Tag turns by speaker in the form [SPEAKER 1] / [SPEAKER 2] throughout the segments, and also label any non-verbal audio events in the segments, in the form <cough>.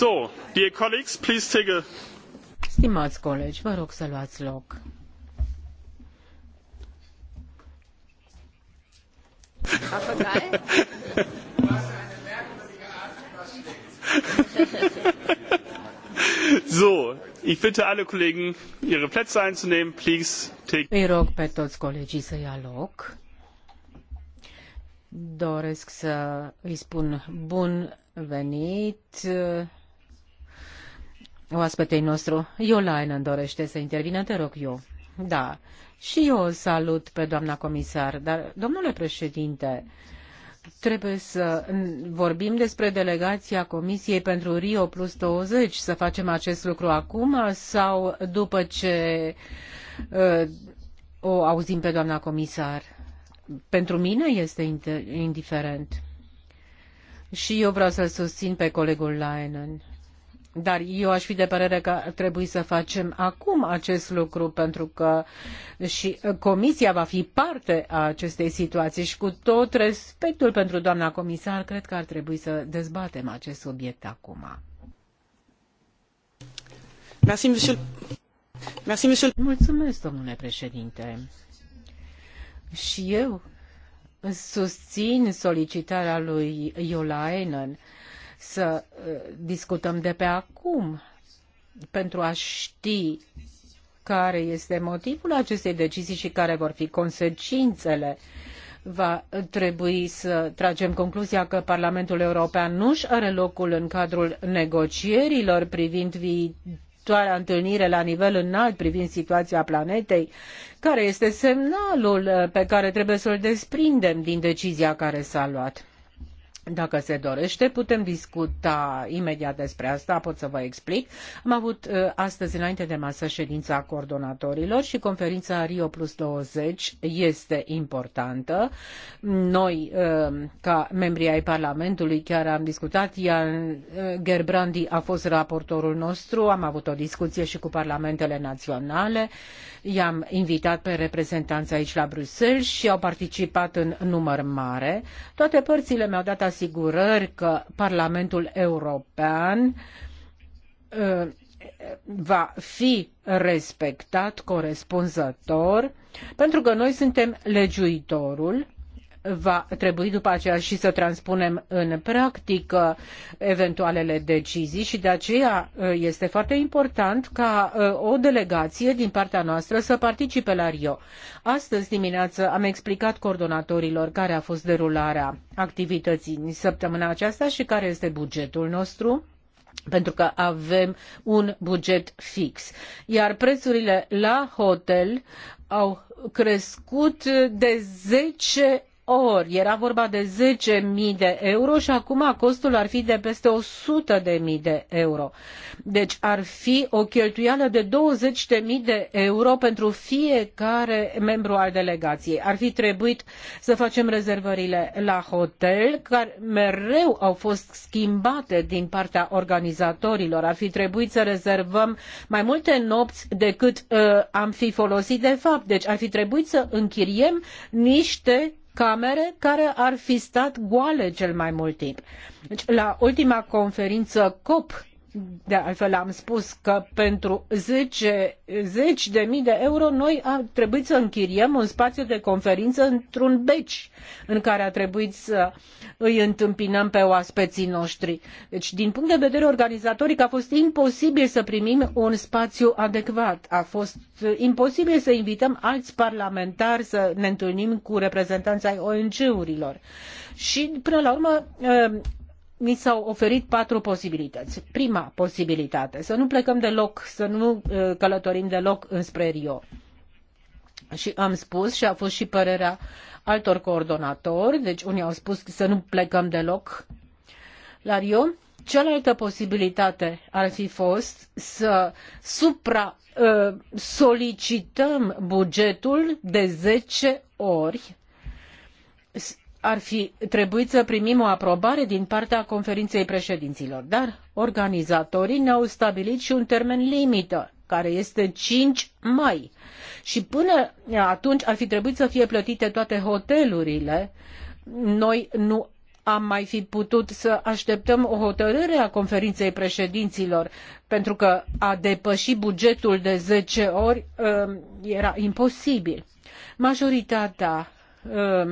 [SPEAKER 1] So, dear Stimați colegi, vă rog să luați loc. <laughs>
[SPEAKER 2] so, ich bitte alle Kollegen, ihre Plätze einzunehmen. Please take. Îi
[SPEAKER 1] rog pe toți colegii să ia loc. Doresc să îi spun bun venit oaspetei nostru. Iolainen dorește să intervină, te rog eu. Da, și eu o salut pe doamna comisar, dar, domnule președinte, trebuie să vorbim despre delegația Comisiei pentru Rio plus 20, să facem acest lucru acum sau după ce uh, o auzim pe doamna comisar? Pentru mine este indiferent. Și eu vreau să-l susțin pe colegul Leinen dar eu aș fi de părere că ar trebui să facem acum acest lucru, pentru că și Comisia va fi parte a acestei situații și cu tot respectul pentru doamna comisar, cred că ar trebui să dezbatem acest subiect acum. Mulțumesc, domnule președinte. Și eu susțin solicitarea lui Iolainen să uh, discutăm de pe acum pentru a ști care este motivul acestei decizii și care vor fi consecințele. Va trebui să tragem concluzia că Parlamentul European nu își are locul în cadrul negocierilor privind viitoarea întâlnire la nivel înalt privind situația planetei, care este semnalul pe care trebuie să-l desprindem din decizia care s-a luat. Dacă se dorește, putem discuta imediat despre asta, pot să vă explic. Am avut uh, astăzi, înainte de masă, ședința coordonatorilor și conferința Rio Plus 20 este importantă. Noi, uh, ca membri ai Parlamentului, chiar am discutat, iar uh, Gerbrandi a fost raportorul nostru, am avut o discuție și cu parlamentele naționale I-am invitat pe reprezentanți aici la Bruxelles și au participat în număr mare. Toate părțile mi-au dat asigurări că Parlamentul European ă, va fi respectat corespunzător, pentru că noi suntem legiuitorul va trebui după aceea și să transpunem în practică eventualele decizii și de aceea uh, este foarte important ca uh, o delegație din partea noastră să participe la Rio. Astăzi dimineață am explicat coordonatorilor care a fost derularea activității în săptămâna aceasta și care este bugetul nostru pentru că avem un buget fix. Iar prețurile la hotel au crescut de 10 ori. Era vorba de 10.000 de euro și acum costul ar fi de peste 100.000 de euro. Deci ar fi o cheltuială de 20.000 de euro pentru fiecare membru al delegației. Ar fi trebuit să facem rezervările la hotel, care mereu au fost schimbate din partea organizatorilor. Ar fi trebuit să rezervăm mai multe nopți decât uh, am fi folosit de fapt. Deci ar fi trebuit să închiriem niște camere care ar fi stat goale cel mai mult timp. Deci, la ultima conferință COP de altfel am spus că pentru 10, 10 de mii de euro noi a trebuit să închiriem un spațiu de conferință într-un beci în care a trebuit să îi întâmpinăm pe oaspeții noștri. Deci din punct de vedere organizatoric a fost imposibil să primim un spațiu adecvat. A fost uh, imposibil să invităm alți parlamentari să ne întâlnim cu reprezentanții ai ONG-urilor. Și până la urmă uh, mi s-au oferit patru posibilități. Prima posibilitate, să nu plecăm deloc, să nu uh, călătorim deloc înspre Rio. Și am spus și a fost și părerea altor coordonatori, deci unii au spus să nu plecăm deloc la Rio. Cealaltă posibilitate ar fi fost să supra uh, solicităm bugetul de zece ori ar fi trebuit să primim o aprobare din partea conferinței președinților, dar organizatorii ne-au stabilit și un termen limită, care este 5 mai. Și până atunci ar fi trebuit să fie plătite toate hotelurile. Noi nu am mai fi putut să așteptăm o hotărâre a conferinței președinților, pentru că a depăși bugetul de zece ori ă, era imposibil. Majoritatea ă,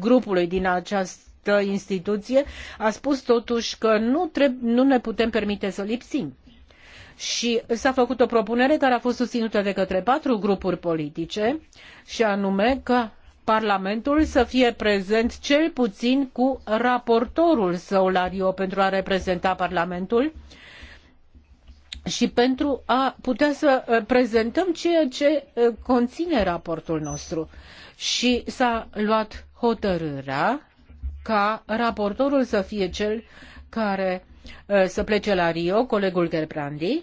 [SPEAKER 1] grupului din această instituție a spus totuși că nu, nu ne putem permite să lipsim și s a făcut o propunere care a fost susținută de către patru grupuri politice și anume că Parlamentul să fie prezent cel puțin cu raportorul său la Rio pentru a reprezenta Parlamentul uh, și pentru a putea să uh, prezentăm ceea ce uh, conține raportul nostru. Și s-a luat hotărârea ca raportorul să fie cel care uh, să plece la Rio, colegul Gerbrandi,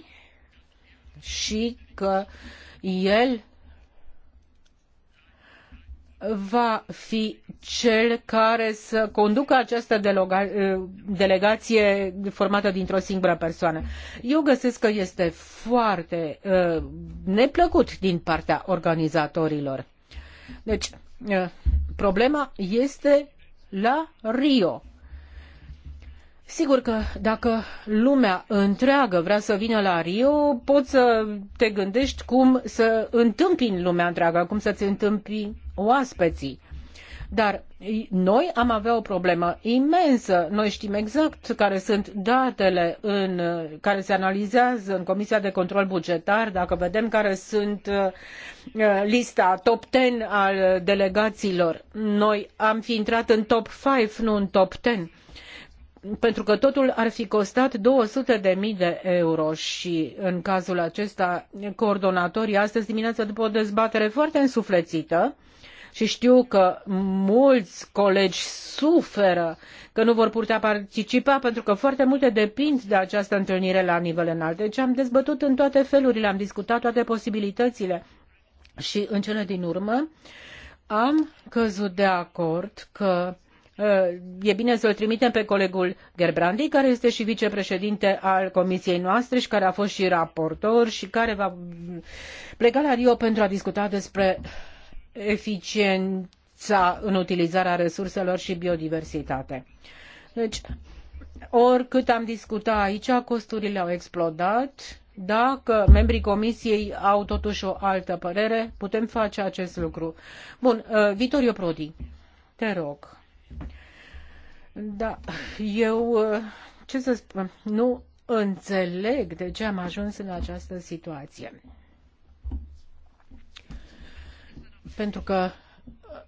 [SPEAKER 1] și că el va fi cel care să conducă această delegaie eh, delegație formată dintr-o singură persoană. Eu găsesc că este foarte eh, neplăcut din partea organizatorilor. Deci, eh, problema este la Rio. Sigur că dacă lumea întreagă vrea să vină la Rio, poți să te gândești cum să întâmpini lumea întreagă, cum să-ți întâmpini oaspeții. Dar noi am avea o problemă imensă. Noi știm exact care sunt datele în, care se analizează în Comisia de Control Bugetar. Dacă vedem care sunt uh, lista top 10 al delegațiilor, noi am fi intrat în top 5, nu în top 10 pentru că totul ar fi costat 200 de mii de euro și în cazul acesta coordonatorii astăzi dimineață după o dezbatere foarte însuflețită și știu că mulți colegi suferă că nu vor putea participa pentru că foarte multe depind de această întâlnire la nivel înalt. Deci am dezbătut în toate felurile, am discutat toate posibilitățile și în cele din urmă am căzut de acord că uh, e bine să l trimitem pe colegul Gerbrandi, care este și vicepreședinte al comisiei noastre și care a fost și raportor și care va pleca la Rio pentru a discuta despre eficiența în utilizarea resurselor și biodiversitate. Deci, oricât am discutat aici, costurile au explodat. Dacă membrii comisiei au totuși o altă părere, putem face acest lucru. Bun, uh, Vitorio Prodi, te rog. Da, eu, uh, ce să spun, nu înțeleg de ce am ajuns în această situație. pentru că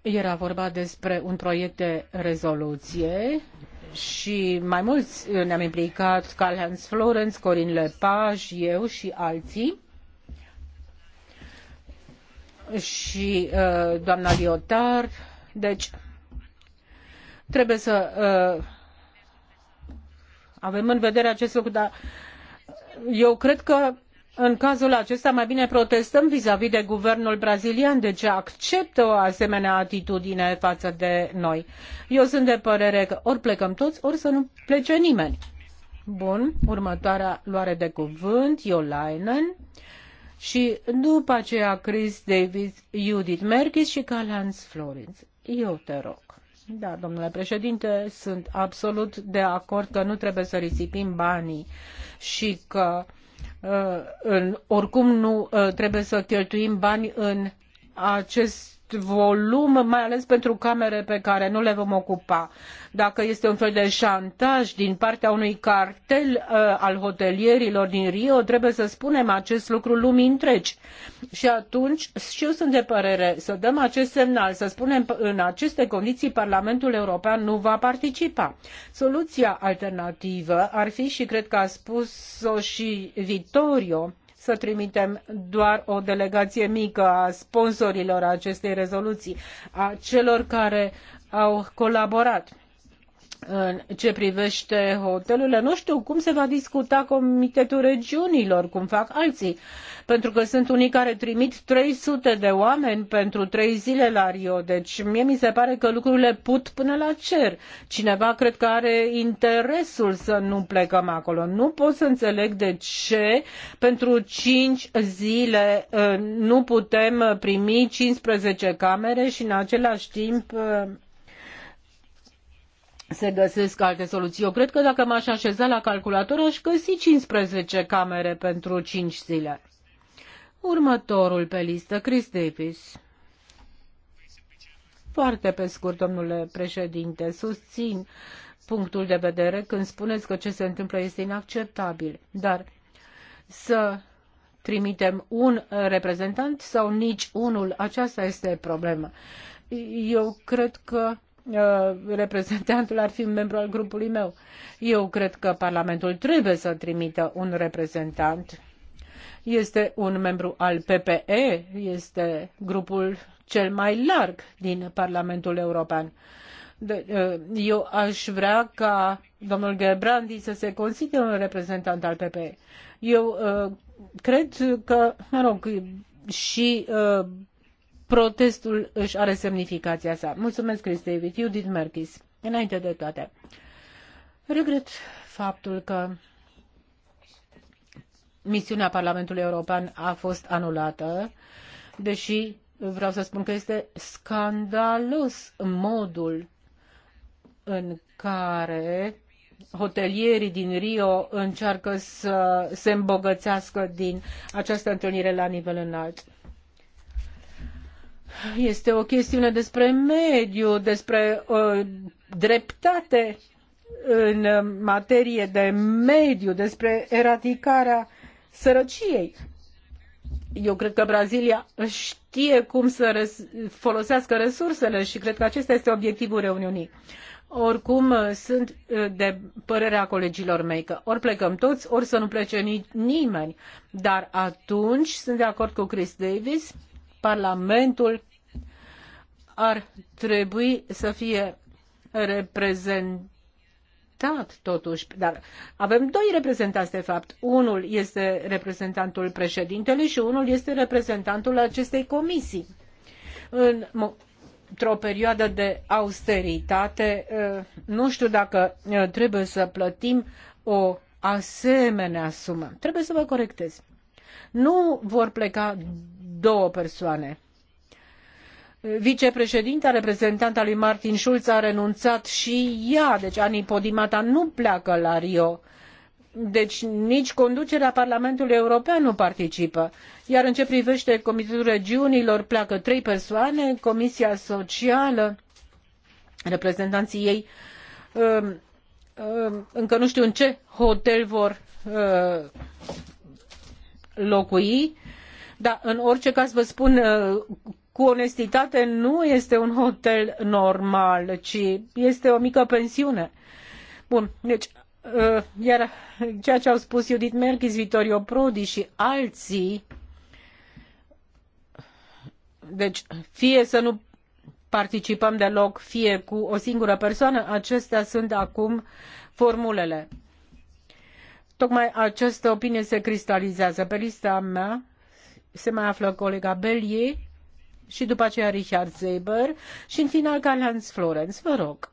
[SPEAKER 1] era vorba despre un proiect de rezoluție și mai mulți ne-am implicat, Karl-Heinz Florenz, Corin Lepage, eu și alții. Și uh, doamna Liotar. Deci, trebuie să uh, avem în vedere acest lucru, dar eu cred că în cazul acesta mai bine protestăm vizavi de guvernul brazilian de ce acceptă o asemenea atitudine față de noi. Eu sunt de părere că ori plecăm toți, ori să nu plece nimeni. Bun, următoarea luare de cuvânt, Iolainen, și după aceea Chris Davis, Judith Merkis și Calans Florence. Eu te rog. Da, domnule președinte, sunt absolut de acord că nu trebuie să risipim banii și că uh, Uh, oricum nu uh, trebuie să cheltuim bani în acest volum, mai ales pentru camere pe care nu le vom ocupa. Dacă este un fel de șantaj din partea unui cartel uh, al hotelierilor din Rio, trebuie să spunem acest lucru lumii întregi. Și atunci, și eu sunt de părere să dăm acest semnal, să spunem în aceste condiții Parlamentul European nu va participa. Soluția alternativă ar fi și cred că a spus-o și Vittorio, să trimitem doar o delegație mică a sponsorilor acestei rezoluții, a celor care au colaborat. În ce privește hotelurile, nu știu cum se va discuta Comitetul Regiunilor, cum fac alții, pentru că sunt unii care trimit 300 de oameni pentru 3 zile la Rio, deci mie mi se pare că lucrurile put până la cer. Cineva cred că are interesul să nu plecăm acolo. Nu pot să înțeleg de ce pentru 5 zile uh, nu putem primi 15 camere și în același timp uh, se găsesc alte soluții. Eu cred că dacă m-aș așeza la calculator, aș găsi 15 camere pentru 5 zile. Următorul pe listă, Chris Davis. Foarte pe scurt, domnule președinte, susțin punctul de vedere când spuneți că ce se întâmplă este inacceptabil. Dar să trimitem un reprezentant sau nici unul, aceasta este problema. Eu cred că Uh, reprezentantul ar fi un membru al grupului meu. Eu cred că Parlamentul trebuie să trimită un reprezentant. Este un membru al PPE, este grupul cel mai larg din Parlamentul European. Uh, eu aș vrea ca domnul Gebrandi să se consideră un reprezentant al PPE. Eu uh, cred că, mă rog, și protestul își are semnificația sa. Mulțumesc, Chris David. Judith Merkis. Înainte de toate, regret faptul că misiunea Parlamentului European a fost anulată, deși vreau să spun că este scandalos modul în care hotelierii din Rio încearcă să se îmbogățească din această întâlnire la nivel înalt. Este o chestiune despre mediu, despre uh, dreptate în materie de mediu, despre eradicarea sărăciei. Eu cred că Brazilia știe cum să res- folosească resursele și cred că acesta este obiectivul reuniunii. Oricum, uh, sunt uh, de părerea colegilor mei că ori plecăm toți, ori să nu plece nimeni. Dar atunci sunt de acord cu Chris Davis Parlamentul ar trebui să fie reprezentat totuși. Dar avem doi reprezentanți, de fapt. Unul este reprezentantul președintelui și unul este reprezentantul acestei comisii. În într-o perioadă de austeritate, eh, nu știu dacă eh, trebuie să plătim o asemenea sumă. Trebuie să vă corectez. Nu vor pleca două persoane. Vicepreședinta reprezentant al lui Martin Schulz a renunțat și ea, deci Ani Podimata nu pleacă la Rio. Deci nici conducerea Parlamentului European nu participă. Iar în ce privește Comitetul Regiunilor, pleacă trei persoane, Comisia Socială, reprezentanții ei, um, um, încă nu știu în ce hotel vor uh, locui, dar în orice caz vă spun uh, cu onestitate, nu este un hotel normal, ci este o mică pensiune. Bun, deci uh, iar ceea ce au spus Judith Merkis, Vittorio Prodi și alții, deci fie să nu participăm deloc, fie cu o singură persoană, acestea sunt acum formulele. Tocmai această opinie se cristalizează. Pe lista mea se mai află colega Belie și după aceea Richard Zeber și în final galanz Florenz. Vă rog.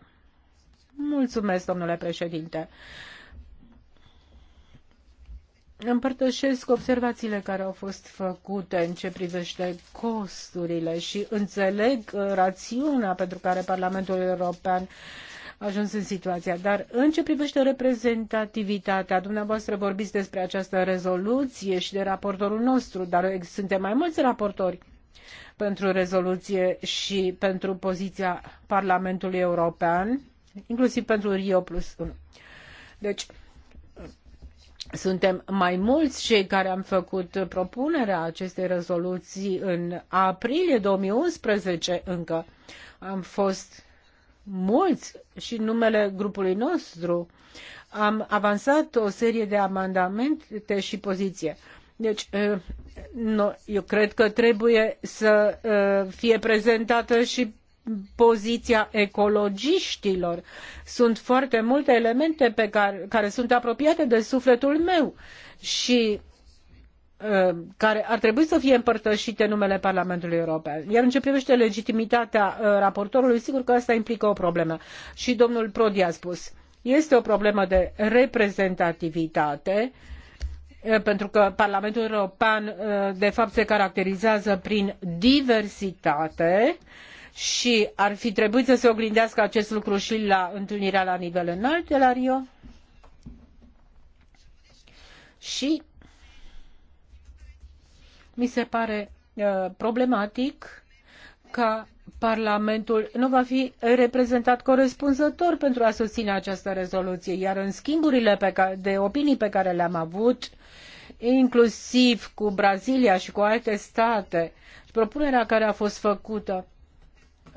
[SPEAKER 1] Mulțumesc, domnule președinte. Împărtășesc observațiile care au fost făcute în ce privește costurile și înțeleg uh, rațiunea pentru care Parlamentul European ajuns în situația. Dar în ce privește reprezentativitatea, dumneavoastră vorbiți despre această rezoluție și de raportorul nostru, dar suntem mai mulți raportori pentru rezoluție și pentru poziția Parlamentului European, inclusiv pentru Rio Plus 1. Deci, suntem mai mulți cei care am făcut propunerea acestei rezoluții în aprilie 2011 încă. Am fost mulți și în numele grupului nostru am avansat o serie de amendamente și poziție. Deci, eu cred că trebuie să fie prezentată și poziția ecologiștilor. Sunt foarte multe elemente pe care, care sunt apropiate de sufletul meu și Uh, care ar trebui să fie împărtășite în numele Parlamentului European. Iar în ce privește legitimitatea uh, raportorului, sigur că asta implică o problemă. Și domnul Prodi a spus, este o problemă de reprezentativitate, uh, pentru că Parlamentul European, de fapt, se caracterizează prin diversitate și ar fi trebuit să se oglindească acest lucru și la întâlnirea la nivel înalt de la Rio. Și mi se pare uh, problematic ca Parlamentul nu va fi reprezentat corespunzător pentru a susține această rezoluție, iar în schimburile pe care, de opinii pe care le-am avut, inclusiv cu Brazilia și cu alte state, propunerea care a fost făcută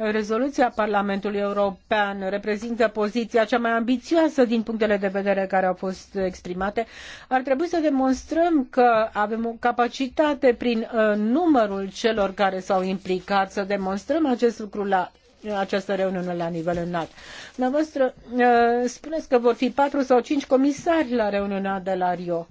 [SPEAKER 1] Rezoluția Parlamentului European reprezintă poziția cea mai ambițioasă din punctele de vedere care au fost exprimate. Ar trebui să demonstrăm că avem o capacitate prin uh, numărul celor care s-au implicat să demonstrăm acest lucru la uh, această reuniune la nivel înalt. Dumneavoastră uh, spuneți că vor fi patru sau cinci comisari la reuniunea de la Rio.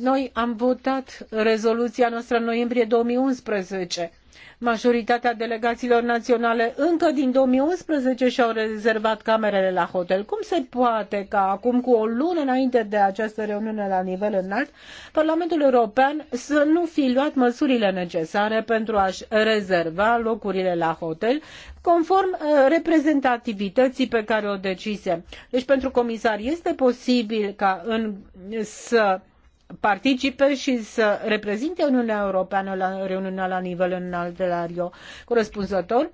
[SPEAKER 1] Noi am votat rezoluția noastră în noiembrie 2011. Majoritatea delegațiilor naționale încă din 2011 și-au rezervat camerele la hotel. Cum se poate ca acum, cu o lună înainte de această reuniune la nivel înalt, Parlamentul European să nu fi luat măsurile necesare pentru a-și rezerva locurile la hotel, conform uh, reprezentativității pe care o decise. Deci pentru comisar este posibil ca în, să participe și să reprezinte Uniunea Europeană la reuniunea la nivel înalt de la Rio corespunzător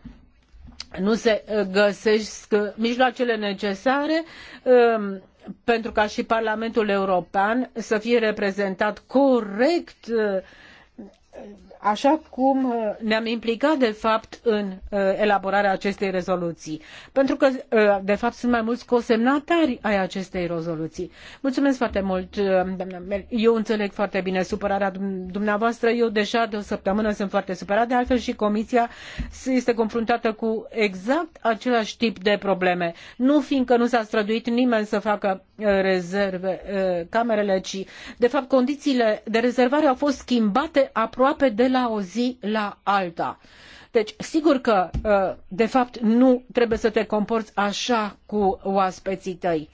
[SPEAKER 1] nu se uh, găsesc uh, mijloacele necesare um, pentru ca și Parlamentul European să fie reprezentat corect uh, așa cum uh, ne-am implicat de fapt în uh, elaborarea acestei rezoluții, pentru că uh, de fapt sunt mai mulți cosemnatari ai acestei rezoluții. Mulțumesc foarte mult, doamna Eu înțeleg foarte bine supărarea dumneavoastră. Eu deja de o săptămână sunt foarte supărat, de altfel și Comisia este confruntată cu exact același tip de probleme. Nu fiindcă nu s-a străduit nimeni să facă rezerve camerele, ci de fapt condițiile de rezervare au fost schimbate aproape de la la o zi la alta. Deci, sigur că, uh, de fapt, nu trebuie să te comporți așa cu oaspeții tăi.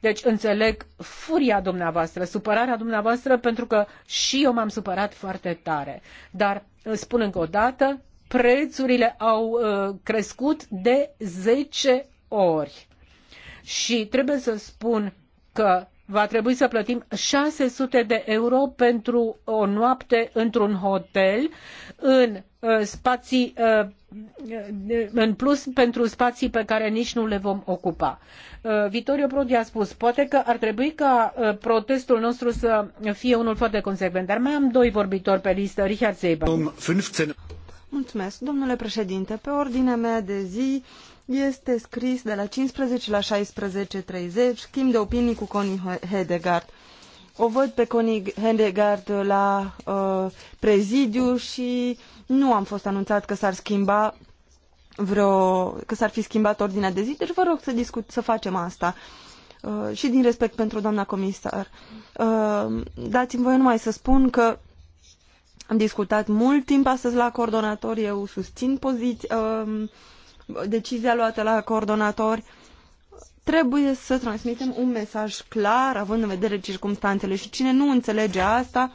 [SPEAKER 1] Deci, înțeleg furia dumneavoastră, supărarea dumneavoastră, pentru că și eu m-am supărat foarte tare. Dar, spun încă o dată, prețurile au uh, crescut de 10 ori. Și trebuie să spun că va trebui să plătim 600 de euro pentru o noapte într-un hotel în uh, spații uh, în plus pentru spații pe care nici nu le vom ocupa. Uh, Vittorio Prodi a spus, poate că ar trebui ca protestul nostru să fie unul foarte consecvent, dar mai am doi vorbitori pe listă, Richard Seiba. Mulțumesc,
[SPEAKER 2] domnule președinte. Pe ordinea mea de zi este scris de la 15 la 16.30, schimb de opinii cu Connie Hedegaard. O văd pe Connie Hedegaard la uh, prezidiu și nu am fost anunțat că s-ar schimba vreo, că s-ar fi schimbat ordinea de zi, deci vă rog să discut, să facem asta. Uh, și din respect pentru doamna comisar. Uh, dați-mi voie numai să spun că am discutat mult timp astăzi la coordonator, eu susțin poziția, uh, decizia luată la coordonatori. Trebuie să transmitem un mesaj clar, având în vedere circumstanțele și cine nu înțelege asta,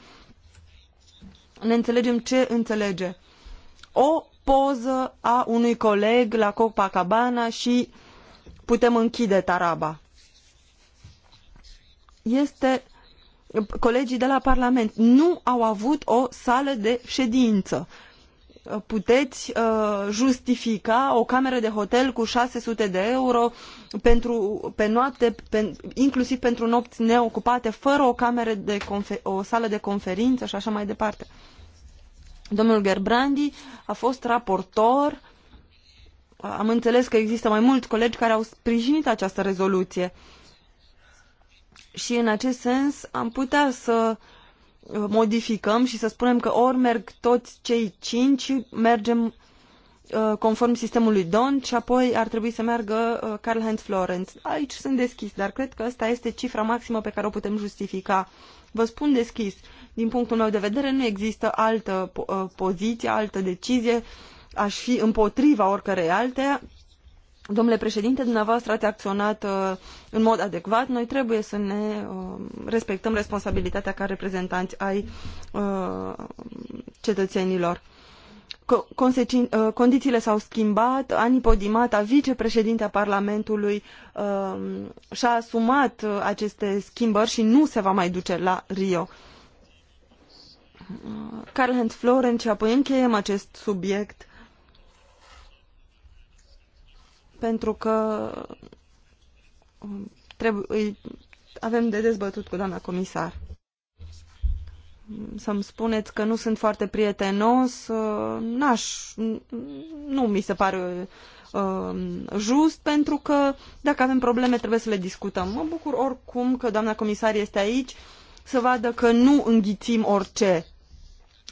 [SPEAKER 2] ne înțelegem ce înțelege. O poză a unui coleg la Copacabana și putem închide taraba. Este colegii de la Parlament nu au avut o sală de ședință puteți uh, justifica o cameră de hotel cu 600 de euro pentru, pe noapte, pe, inclusiv pentru nopți neocupate, fără o, cameră de o sală de conferință și așa mai departe. Domnul Gerbrandi a fost raportor. Am înțeles că există mai mulți colegi care au sprijinit această rezoluție. Și în acest sens am putea să uh, modificăm și să spunem că ori merg toți cei cinci, mergem uh, conform sistemului DON și apoi ar trebui să meargă Carl uh, heinz Florenz. Aici sunt deschis, dar cred că asta este cifra maximă pe care o putem justifica. Vă spun deschis, din punctul meu de vedere nu există altă uh, poziție, altă decizie, aș fi împotriva oricărei alte, Domnule președinte, dumneavoastră ați acționat uh, în mod adecvat. Noi trebuie să ne uh, respectăm responsabilitatea ca reprezentanți ai uh, cetățenilor. condițiile s-au schimbat. Ani Podimata, vicepreședintea Parlamentului, și-a asumat aceste schimbări și nu se va mai duce la Rio. carl heinz Florenci, apoi încheiem acest subiect pentru că um, trebuie, avem de dezbătut cu doamna comisar. Să-mi spuneți că nu sunt foarte prietenos, uh, n-aș, nu mi se pare um, just, pentru că dacă avem probleme trebuie să le discutăm. Mă bucur oricum că doamna comisar este aici să vadă că nu înghițim orice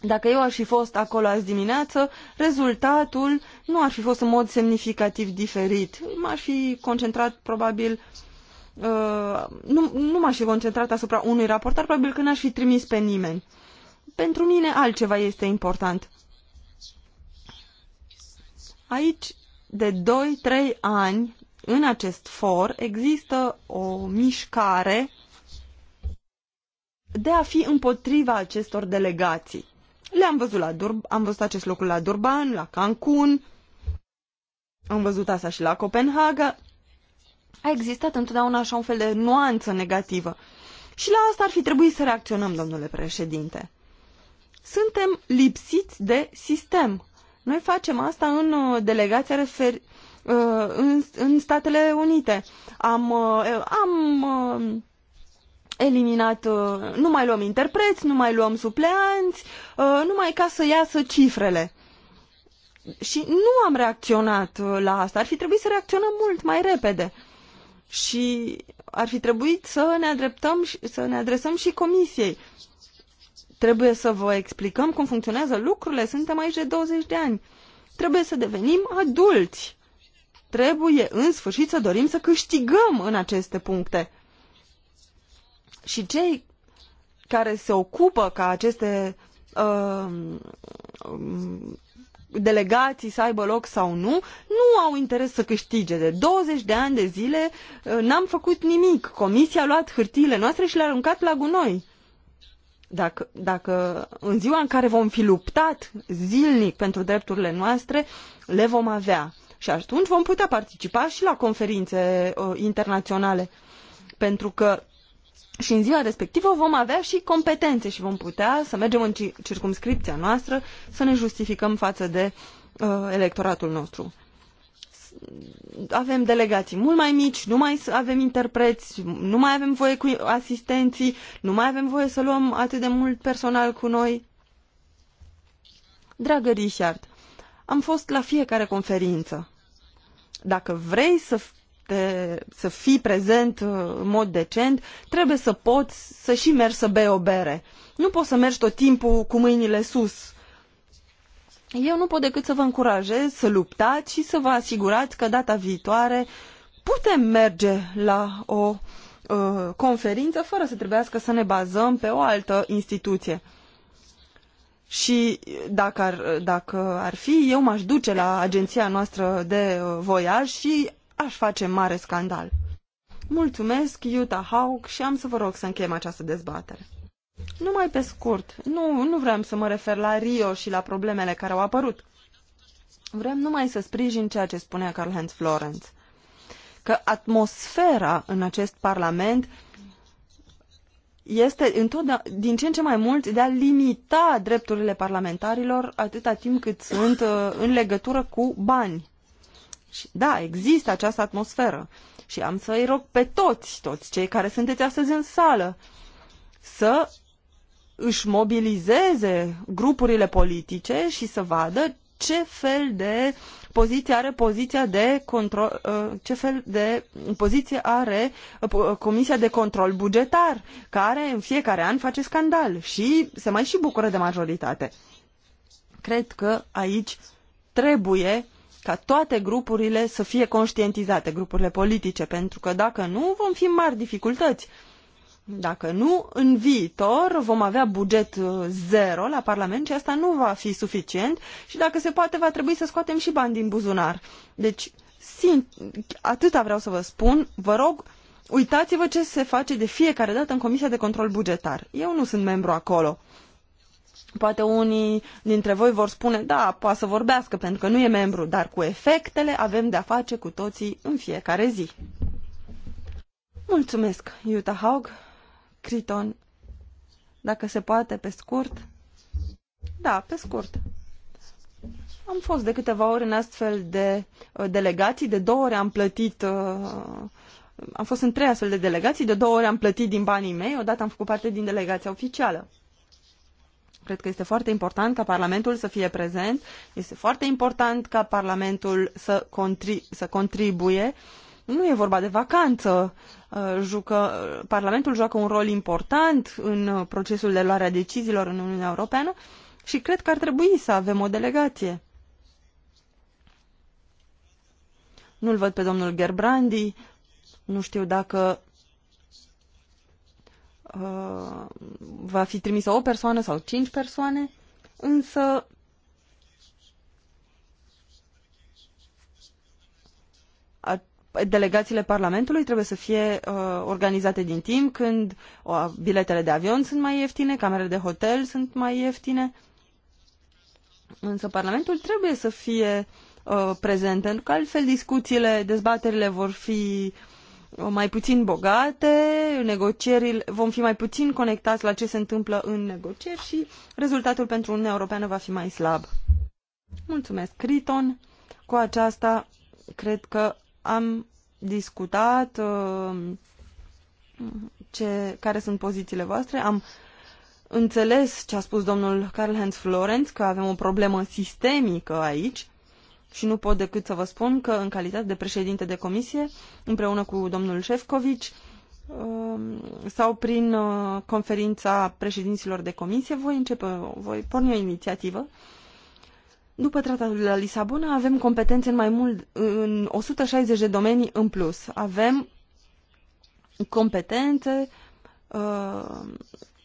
[SPEAKER 2] dacă eu aș fi fost acolo azi dimineață, rezultatul nu ar fi fost în mod semnificativ diferit. M-aș fi concentrat probabil Uh, nu, nu m-aș fi concentrat asupra unui raportar, probabil că n-aș fi trimis pe nimeni. Pentru mine altceva este important. Aici, de 2-3 ani, în acest for, există o mișcare de a fi împotriva acestor delegații. Le-am văzut la Durban, am văzut acest lucru la Durban, la Cancun, am văzut asta și la Copenhaga. A existat întotdeauna așa un fel de nuanță negativă. Și la asta ar fi trebuit să reacționăm, domnule președinte. Suntem lipsiți de sistem. Noi facem asta în uh, delegația referi, uh, în, în Statele Unite. Am, uh, am eliminat, uh, nu mai luăm interpreți, nu mai luăm supleanți, uh, numai ca să iasă cifrele. Și nu am reacționat uh, la asta. Ar fi trebuit să reacționăm mult mai repede. Și ar fi trebuit să ne, adreptăm, să ne adresăm și comisiei. Trebuie să vă explicăm cum funcționează lucrurile. Suntem aici de 20 de ani. Trebuie să devenim adulți. Trebuie, în sfârșit, să dorim să câștigăm în aceste puncte și cei care se ocupă ca aceste uh, delegații să aibă loc sau nu, nu au interes să câștige. De 20 de ani de zile uh, n-am făcut nimic. Comisia a luat hârtiile noastre și le-a aruncat la gunoi. Dacă, dacă în ziua în care vom fi luptat zilnic pentru drepturile noastre, le vom avea. Și atunci vom putea participa și la conferințe uh, internaționale. Pentru că și în ziua respectivă vom avea și competențe și vom putea să mergem în circumscripția noastră să ne justificăm față de uh, electoratul nostru. Avem delegații mult mai mici, nu mai avem interpreți, nu mai avem voie cu asistenții, nu mai avem voie să luăm atât de mult personal cu noi. Dragă Richard, am fost la fiecare conferință. Dacă vrei să te, să fii prezent uh, în mod decent, trebuie să poți să și mergi să bei o bere. Nu poți să mergi tot timpul cu mâinile sus. Eu nu pot decât să vă încurajez să luptați și să vă asigurați că data viitoare putem merge la o uh, conferință fără să trebuiască să ne bazăm pe o altă instituție. Și dacă ar, dacă ar fi, eu m-aș duce la agenția noastră de uh, voiaj și aș face mare scandal. Mulțumesc, Utah Hawk, și am să vă rog să încheiem această dezbatere. Numai pe scurt, nu, nu vrem să mă refer la Rio și la problemele care au apărut. Vrem numai să sprijin ceea ce spunea Carl Hans Florenz, că atmosfera în acest parlament este din ce în ce mai mult de a limita drepturile parlamentarilor atâta timp cât sunt uh, în legătură cu bani. Și da, există această atmosferă și am să-i rog pe toți, toți cei care sunteți astăzi în sală, să își mobilizeze grupurile politice și să vadă ce fel de poziție are poziția de control, uh, ce fel de poziție are uh, uh, Comisia de Control Bugetar, care în fiecare an face scandal și se mai și bucură de majoritate. Cred că aici trebuie ca toate grupurile să fie conștientizate, grupurile politice, pentru că dacă nu, vom fi mari dificultăți. Dacă nu, în viitor vom avea buget uh, zero la Parlament și asta nu va fi suficient și dacă se poate va trebui să scoatem și bani din buzunar. Deci, simt, atâta vreau să vă spun, vă rog, uitați-vă ce se face de fiecare dată în Comisia de Control Bugetar. Eu nu sunt membru acolo. Poate unii dintre voi vor spune, da, poate să vorbească pentru că nu e membru, dar cu efectele avem de-a face cu toții în fiecare zi. Mulțumesc, Iuta Haug, Criton. Dacă se poate, pe scurt. Da, pe scurt. Am fost de câteva ori în astfel de uh, delegații, de două ori am plătit, uh, am fost în trei astfel de delegații, de două ori am plătit din banii mei, odată am făcut parte din delegația oficială. Cred că este foarte important ca Parlamentul să fie prezent, este foarte important ca Parlamentul să, contri- să contribuie. Nu e vorba de vacanță. Uh, jucă, Parlamentul joacă un rol important în uh, procesul de luare a deciziilor în Uniunea Europeană și cred că ar trebui să avem o delegație. Nu-l văd pe domnul Gerbrandi, nu știu dacă uh, va fi trimisă o persoană sau cinci persoane, însă delegațiile Parlamentului trebuie să fie uh, organizate din timp, când uh, biletele de avion sunt mai ieftine, camerele de hotel sunt mai ieftine. Însă Parlamentul trebuie să fie uh, prezent, pentru că altfel discuțiile, dezbaterile vor fi uh, mai puțin bogate, negocierile, vom fi mai puțin conectați la ce se întâmplă în negocieri și rezultatul pentru Uniunea Europeană va fi mai slab. Mulțumesc, Criton. Cu aceasta cred că am discutat uh, ce, care sunt pozițiile voastre. Am înțeles ce a spus domnul Karl-Heinz Florenz, că avem o problemă sistemică aici și nu pot decât să vă spun că, în calitate de președinte de comisie, împreună cu domnul Șefcovici um, sau prin uh, conferința președinților de comisie, voi începe, voi porni o inițiativă. După tratatul de la Lisabona avem competențe în mai mult, în 160 de domenii în plus. Avem competențe, uh,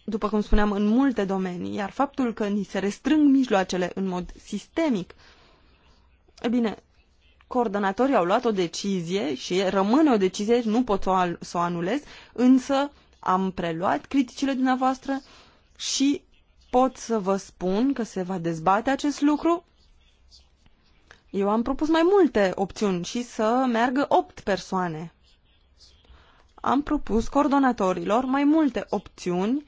[SPEAKER 2] după cum spuneam, în multe domenii, iar faptul că ni se restrâng mijloacele în mod sistemic E bine, coordonatorii au luat o decizie și rămâne o decizie, nu pot să o anulez, însă am preluat criticile dumneavoastră și pot să vă spun că se va dezbate acest lucru. Eu am propus mai multe opțiuni și să meargă opt persoane. Am propus coordonatorilor mai multe opțiuni,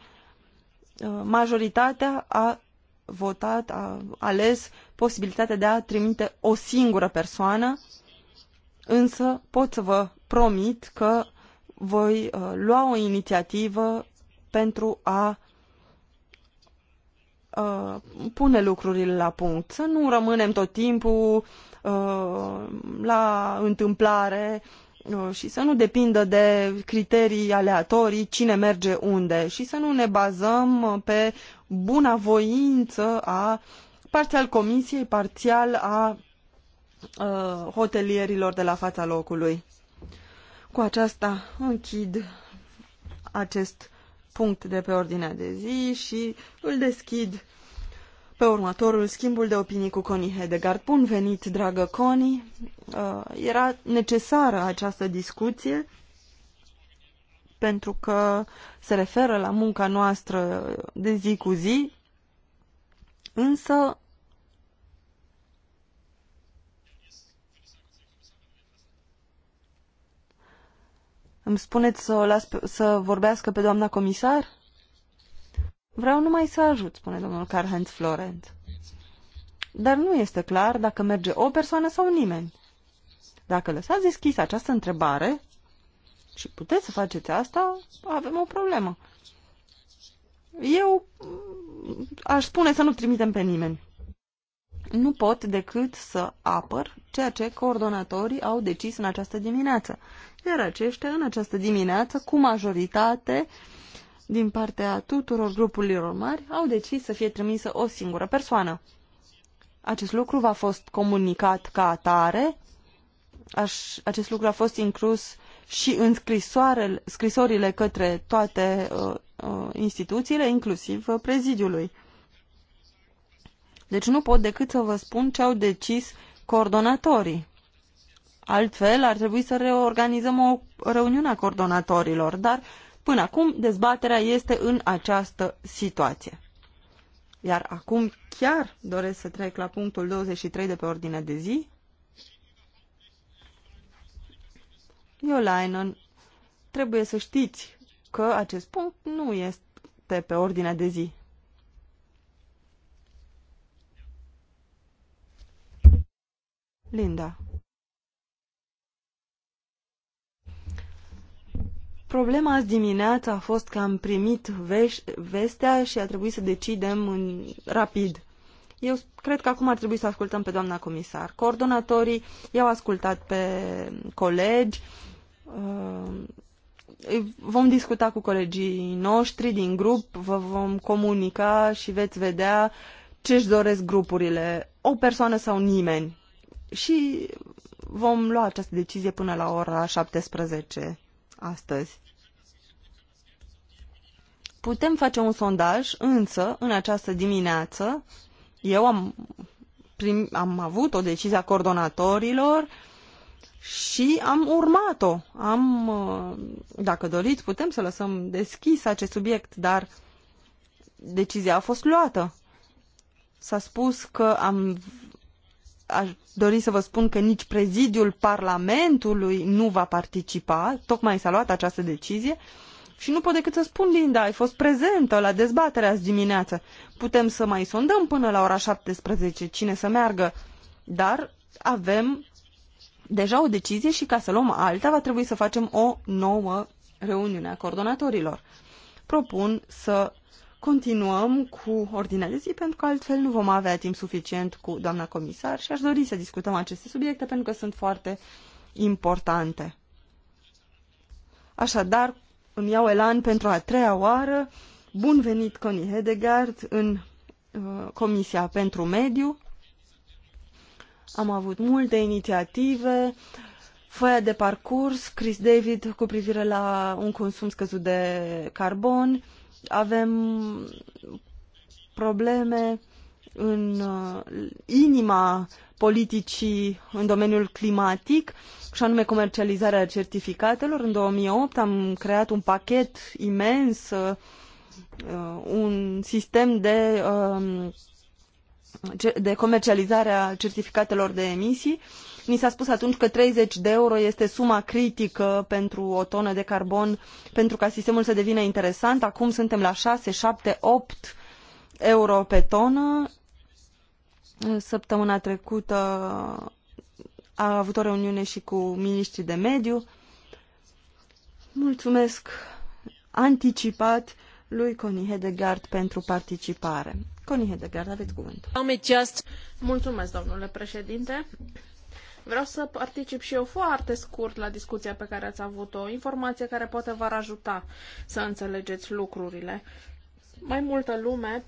[SPEAKER 2] uh, majoritatea a votat, a ales posibilitatea de a trimite o singură persoană, însă pot să vă promit că voi uh, lua o inițiativă pentru a Uh, pune lucrurile la punct, să nu rămânem tot timpul uh, la întâmplare uh, și să nu depindă de criterii aleatorii cine merge unde și să nu ne bazăm uh, pe voință a parțial comisiei, parțial a uh, hotelierilor de la fața locului. Cu aceasta închid acest punct de pe ordinea de zi și îl deschid pe următorul schimbul de opinii cu Connie Hedegaard. Bun venit, dragă Connie! Uh, era necesară această discuție pentru că se referă la munca noastră de zi cu zi, însă Îmi spuneți să, o las pe, să vorbească pe doamna comisar? Vreau numai să ajut, spune domnul Carhans Florent. Dar nu este clar dacă merge o persoană sau nimeni. Dacă lăsați deschis această întrebare, și puteți să faceți asta, avem o problemă. Eu aș spune să nu trimitem pe nimeni. Nu pot decât să apăr ceea ce coordonatorii au decis în această dimineață. Iar aceștia, în această dimineață, cu majoritate din partea tuturor grupurilor mari, au decis să fie trimisă o singură persoană. Acest lucru v-a fost comunicat ca atare, aș, acest lucru a fost inclus și în scrisorile către toate uh, uh instituțiile, inclusiv uh, prezidiului. Deci nu pot decât să vă spun ce au decis coordonatorii. Altfel, ar trebui să reorganizăm o reuniune a coordonatorilor, dar până acum dezbaterea este în această situație. Iar acum chiar doresc să trec la punctul 23 de pe ordine de zi, Iolainen, trebuie să știți că acest punct nu este pe ordinea de zi. Linda. Problema azi dimineață a fost că am primit vestea și a trebuit să decidem în rapid. Eu cred că acum ar trebui să ascultăm pe doamna comisar. Coordonatorii i-au ascultat pe colegi, Uh, vom discuta cu colegii noștri din grup, vă vom comunica și veți vedea ce își doresc grupurile, o persoană sau nimeni. Și vom lua această decizie până la ora 17 astăzi. Putem face un sondaj, însă, în această dimineață, eu am, prim, am avut o decizie a coordonatorilor uh, și am urmat-o. Am, uh, dacă doriți, putem să lăsăm deschis acest subiect, dar decizia a fost luată. S-a spus că am aș dori să vă spun că nici prezidiul Parlamentului nu va participa, tocmai s-a luat această decizie și nu pot decât să spun, Linda, ai fost prezentă la dezbaterea azi dimineață. Putem să mai sondăm până la ora 17 cine să meargă, dar avem deja o decizie și ca să luăm alta va trebui să facem o nouă reuniune a coordonatorilor. Propun să continuăm cu ordinea de zi pentru că altfel nu vom avea timp suficient cu doamna comisar și aș dori să discutăm aceste subiecte pentru că sunt foarte importante. Așadar, îmi iau elan pentru a treia oară. Bun venit, Connie Hedegaard, în uh, Comisia pentru Mediu. Am avut multe inițiative, foaia de parcurs, Chris David cu privire la un consum scăzut de carbon, avem probleme în uh, inima politicii în domeniul climatic, și anume comercializarea certificatelor. În 2008 am creat un pachet imens, uh, un sistem de um, de comercializare a certificatelor de emisii. Ni s-a spus atunci că 30 de euro este suma critică pentru o tonă de carbon pentru ca sistemul să devină interesant. Acum suntem la 6, 7, 8 euro pe tonă. Săptămâna trecută a avut o reuniune și cu miniștrii de mediu. Mulțumesc anticipat lui Connie Hedegaard pentru participare
[SPEAKER 3] domnule președinte. Vreau să particip și eu foarte scurt la discuția pe care ați avut-o, informație care poate v-ar ajuta să înțelegeți lucrurile. Mai multă lume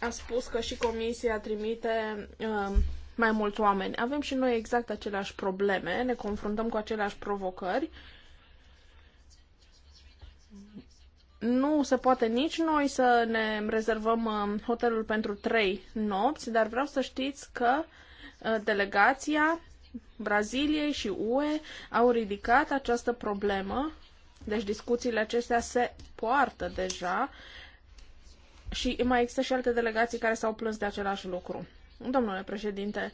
[SPEAKER 3] a spus că și comisia trimite uh, mai mulți oameni. Avem și noi exact aceleași probleme, ne confruntăm cu aceleași provocări. Uh, nu se poate nici noi să ne rezervăm um, hotelul pentru trei nopți, dar vreau să știți că uh, delegația Braziliei și UE au ridicat această problemă. Deci discuțiile acestea se poartă deja și mai există și alte delegații care s-au plâns de același lucru. Domnule președinte,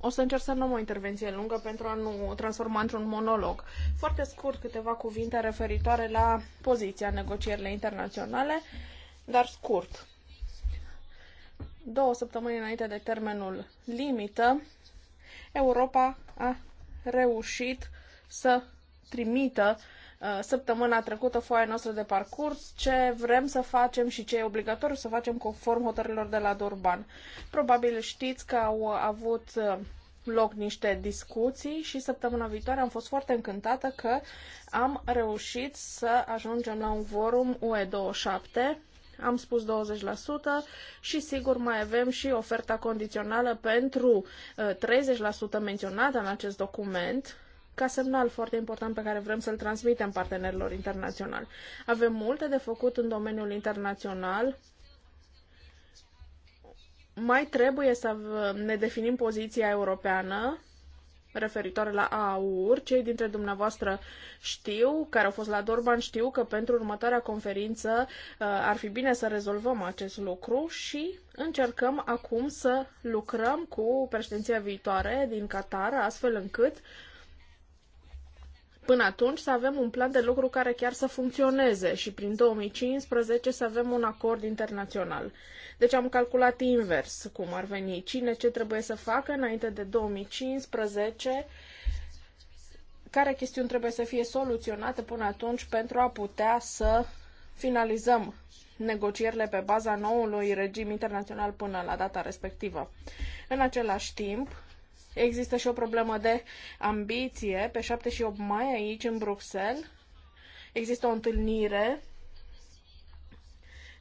[SPEAKER 3] o să încerc să nu am o intervenție lungă pentru a nu transforma într-un monolog. Foarte scurt câteva cuvinte referitoare la poziția negocierile internaționale, dar scurt. Două săptămâni înainte de termenul limită, Europa a reușit să trimită Uh, săptămâna trecută foaia noastră de parcurs, ce vrem să facem și ce e obligatoriu să facem conform hotărârilor de la Durban. Probabil știți că au avut uh, loc niște discuții și săptămâna viitoare am fost foarte încântată că am reușit să ajungem la un vorum UE27 am spus 20% și sigur mai avem și oferta condițională pentru 30% uh, menționată în acest document ca semnal foarte important pe care vrem să-l transmitem partenerilor internaționali. Avem multe de făcut în domeniul internațional. Mai trebuie să ne definim poziția europeană referitoare la AUR. Cei dintre dumneavoastră știu, care au fost la Dorban, știu că pentru următoarea conferință uh, ar fi bine să rezolvăm acest lucru și încercăm acum să lucrăm cu președinția viitoare din Qatar, astfel încât până atunci să avem un plan de lucru care chiar să funcționeze și prin 2015 să avem un acord internațional. Deci am calculat invers cum ar veni, cine ce trebuie să facă înainte de 2015, care chestiuni trebuie să fie soluționate până atunci pentru a putea să finalizăm negocierile pe baza noului regim internațional până la data respectivă. În același timp, Există și o problemă de ambiție. Pe 7 și 8 mai aici, în Bruxelles, există o întâlnire.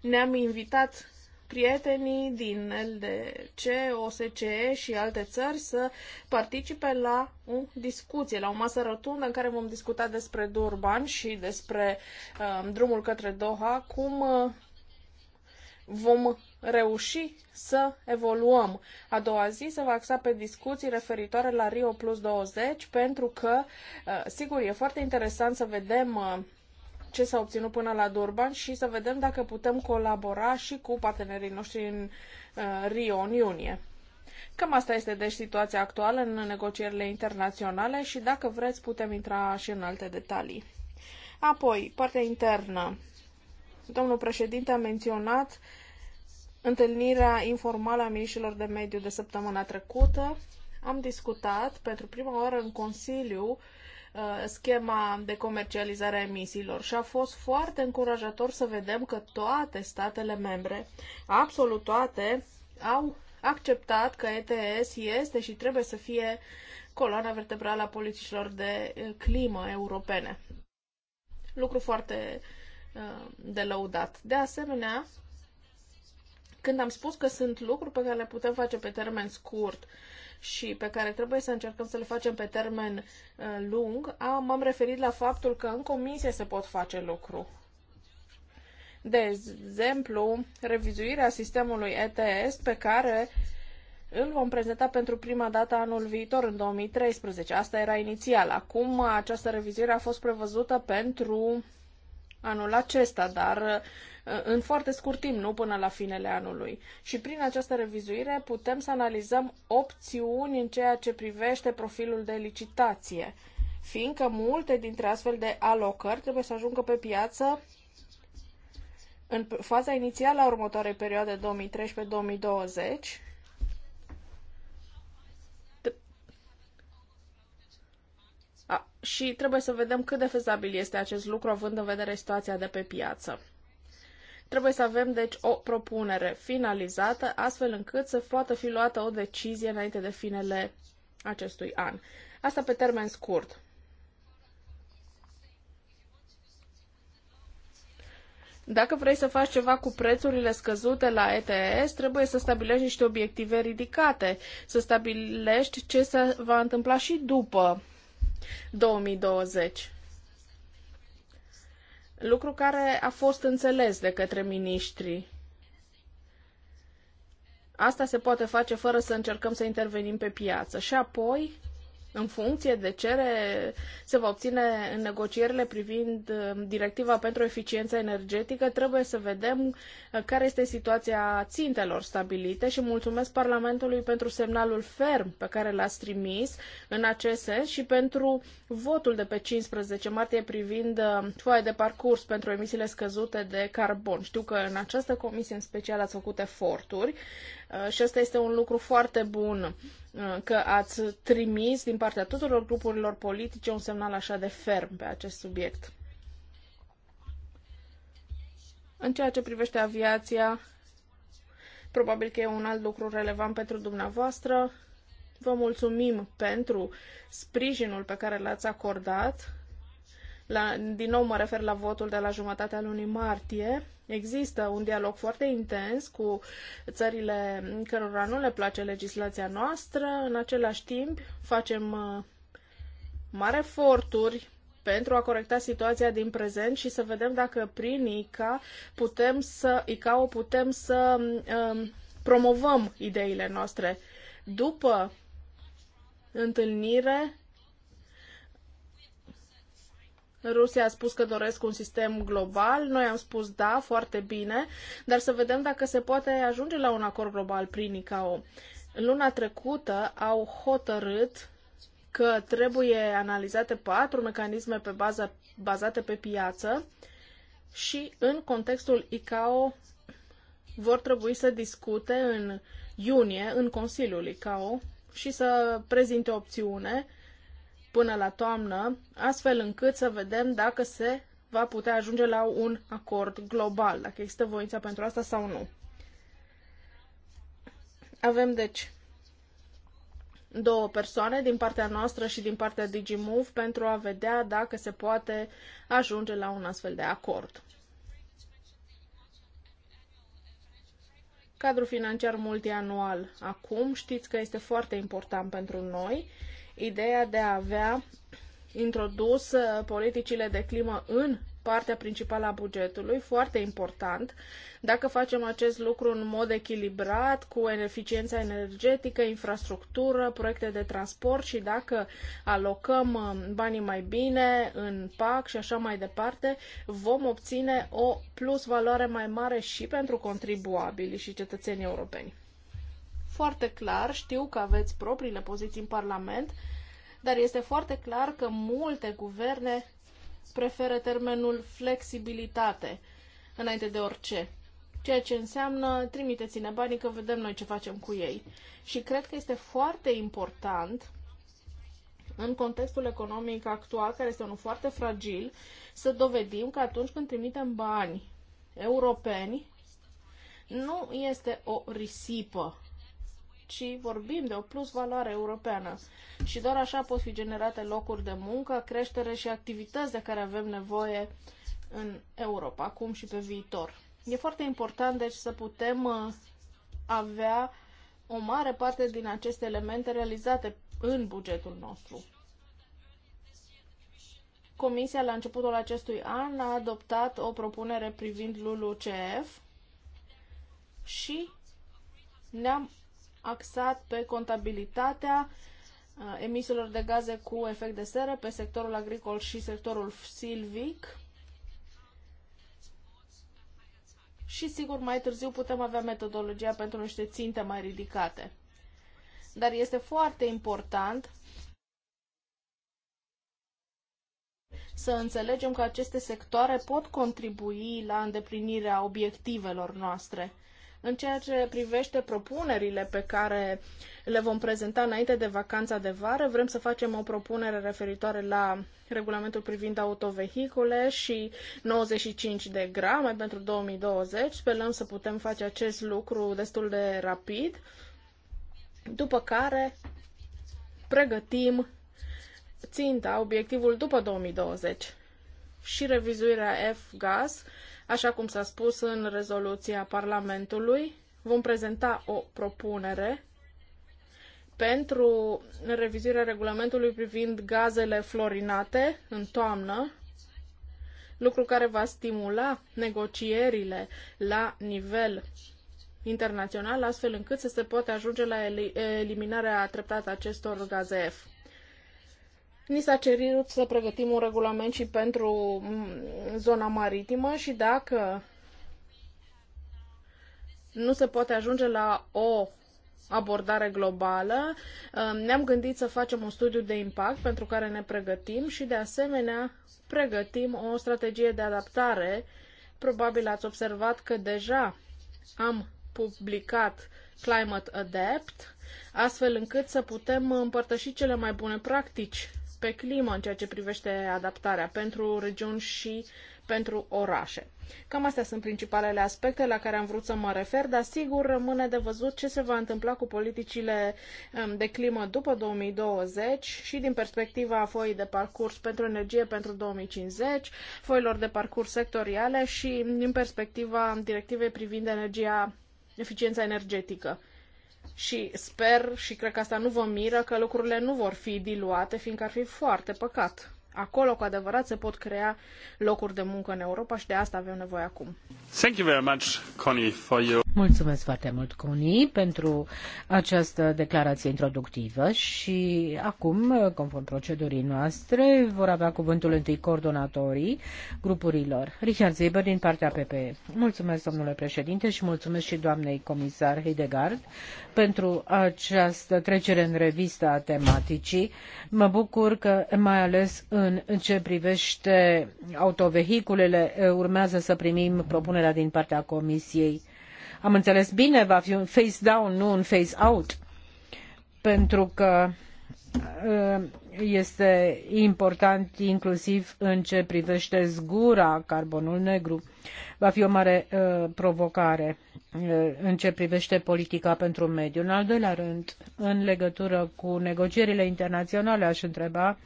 [SPEAKER 3] Ne-am invitat prietenii din LDC, OSCE și alte țări să participe la o discuție, la o masă rotundă în care vom discuta despre Durban și despre uh, drumul către Doha, cum uh, vom reuși să evoluăm. A doua zi se va axa pe discuții referitoare la Rio Plus 20, pentru că, uh, sigur, e foarte interesant să vedem uh, ce s-a obținut până la Durban și să vedem dacă putem colabora și cu partenerii noștri în uh, Rio în iunie. Cam asta este deci situația actuală în negocierile internaționale și dacă vreți putem intra și în alte detalii. Apoi, partea internă. Domnul președinte a menționat uh, întâlnirea informală a miniștrilor de mediu de săptămâna trecută, am discutat pentru prima oară în Consiliu uh, schema de comercializare a emisiilor și a fost foarte încurajator să vedem că toate statele membre, absolut toate, au acceptat că ETS este și trebuie să fie coloana vertebrală a politicilor de uh, climă europene. Lucru foarte uh, de lăudat. De asemenea, când am spus că sunt lucruri pe care le putem face pe termen scurt și pe care trebuie să încercăm să le facem pe termen uh, lung, m-am referit la faptul că în comisie se pot face lucru. De exemplu, revizuirea sistemului ETS pe care îl vom prezenta pentru prima dată anul viitor, în 2013. Asta era inițial. Acum această revizuire a fost prevăzută pentru anul acesta, dar uh, Uh, în foarte scurt timp, nu până la finele anului. Și prin această revizuire putem să analizăm opțiuni în ceea ce privește profilul de licitație, fiindcă multe dintre astfel de alocări trebuie să ajungă pe piață în faza inițială a următoarei perioade 2013-2020, și trebuie să vedem cât de fezabil este acest lucru, având în vedere situația de pe piață. Trebuie să avem, deci, o propunere finalizată, astfel încât să poată fi luată o decizie înainte de finele acestui an. Asta pe termen scurt. Dacă vrei să faci ceva cu prețurile scăzute la ETS, trebuie să stabilești niște obiective ridicate, să stabilești ce se va întâmpla și după 2020 lucru care a fost înțeles de către miniștri. Asta se poate face fără să încercăm să intervenim pe piață. Și apoi, în funcție de cere se va obține în negocierile privind um, directiva pentru eficiența energetică, trebuie să vedem uh, care este situația țintelor stabilite și mulțumesc Parlamentului pentru semnalul ferm pe care l-ați trimis în acest sens și pentru votul de pe 15 martie privind um, foaia de parcurs pentru emisiile scăzute de carbon. Știu că în această comisie în special ați făcut eforturi Uh, și ăsta este un lucru foarte bun uh, că ați trimis din partea tuturor grupurilor politice un semnal așa de ferm pe acest subiect. În ceea ce privește aviația, probabil că e un alt lucru relevant pentru dumneavoastră. Vă mulțumim pentru sprijinul pe care l-ați acordat. La, din nou mă refer la votul de la jumătatea lunii martie Există un dialog foarte intens cu țările cărora nu le place legislația noastră. În același timp, facem uh, mari eforturi pentru a corecta situația din prezent și să vedem dacă prin ICA putem să, ICAO putem să um, promovăm ideile noastre. După întâlnire, Rusia a spus că doresc un sistem global, noi am spus da, foarte bine, dar să vedem dacă se poate ajunge la un acord global prin ICAO. Luna trecută au hotărât că trebuie analizate patru mecanisme pe bază, bazate pe piață și în contextul ICAO vor trebui să discute în iunie în Consiliul ICAO și să prezinte opțiune până la toamnă, astfel încât să vedem dacă se va putea ajunge la un acord global, dacă există voința pentru asta sau nu. Avem, deci, două persoane din partea noastră și din partea DigiMove pentru a vedea dacă se poate ajunge la un astfel de acord. Cadrul financiar multianual acum știți că este foarte important pentru noi ideea de a avea introdus uh, politicile de climă în partea principală a bugetului, foarte important. Dacă facem acest lucru în mod echilibrat, cu eficiența energetică, infrastructură, proiecte de transport și dacă alocăm uh, banii mai bine în PAC și așa mai departe, vom obține o plus valoare mai mare și pentru contribuabili și cetățenii europeni foarte clar, știu că aveți propriile poziții în Parlament, dar este foarte clar că multe guverne preferă termenul flexibilitate înainte de orice. Ceea ce înseamnă trimiteți-ne banii că vedem noi ce facem cu ei. Și cred că este foarte important în contextul economic actual, care este unul foarte fragil, să dovedim că atunci când trimitem bani europeni, nu este o risipă ci vorbim de o plusvaloare europeană. Și doar așa pot fi generate locuri de muncă, creștere și activități de care avem nevoie în Europa, acum și pe viitor. E foarte important, deci, să putem uh, avea o mare parte din aceste elemente realizate în bugetul nostru. Comisia, la începutul acestui an, a adoptat o propunere privind LULUCF și ne-am axat pe contabilitatea uh, emisiilor de gaze cu efect de seră pe sectorul agricol și sectorul silvic. Și sigur, mai târziu putem avea metodologia pentru niște ținte mai ridicate. Dar este foarte important să înțelegem că aceste sectoare pot contribui la îndeplinirea obiectivelor noastre în ceea ce privește propunerile pe care le vom prezenta înainte de vacanța de vară, vrem să facem o propunere referitoare la regulamentul privind autovehicule și 95 de grame pentru 2020. Sperăm să putem face acest lucru destul de rapid, după care pregătim ținta, obiectivul după 2020 și revizuirea F-GAS Așa cum s-a spus în rezoluția Parlamentului, vom prezenta o propunere pentru revizuirea regulamentului privind gazele florinate în toamnă, lucru care va stimula negocierile la nivel internațional, astfel încât să se poate ajunge la eliminarea treptată a acestor gaze F. Ni s-a cerut să pregătim un regulament și pentru mm, zona maritimă și dacă nu se poate ajunge la o abordare globală, um, ne-am gândit să facem un studiu de impact pentru care ne pregătim și de asemenea pregătim o strategie de adaptare. Probabil ați observat că deja am publicat Climate Adapt, astfel încât să putem împărtăși cele mai bune practici pe climă în ceea ce privește adaptarea pentru regiuni și pentru orașe. Cam astea sunt principalele aspecte la care am vrut să mă refer, dar sigur rămâne de văzut ce se va întâmpla cu politicile um, de climă după 2020 și din perspectiva foii de parcurs pentru energie pentru 2050, foilor de parcurs sectoriale și din perspectiva directivei privind energia, eficiența energetică și sper și cred că asta nu vă miră că lucrurile nu vor fi diluate, fiindcă ar fi foarte păcat. Acolo, cu adevărat, se pot crea locuri de muncă în Europa și de asta avem nevoie acum.
[SPEAKER 1] Thank you very much, Connie, for your... Mulțumesc foarte mult, Coni, pentru această declarație introductivă și acum, conform procedurii noastre, vor avea cuvântul întâi coordonatorii grupurilor. Richard Zeber din partea PPE. Mulțumesc, domnule președinte, și mulțumesc și doamnei comisar Hidegard pentru această trecere în revistă a tematicii. Mă bucur că, mai ales în ce privește autovehiculele, urmează să primim propunerea din partea Comisiei am înțeles bine, va fi un face down, nu un face out, pentru că uh, este important inclusiv în ce privește zgura, carbonul negru. Va fi o mare uh, provocare uh, în ce privește politica pentru mediu. În al doilea rând, în legătură cu negocierile internaționale, aș întreba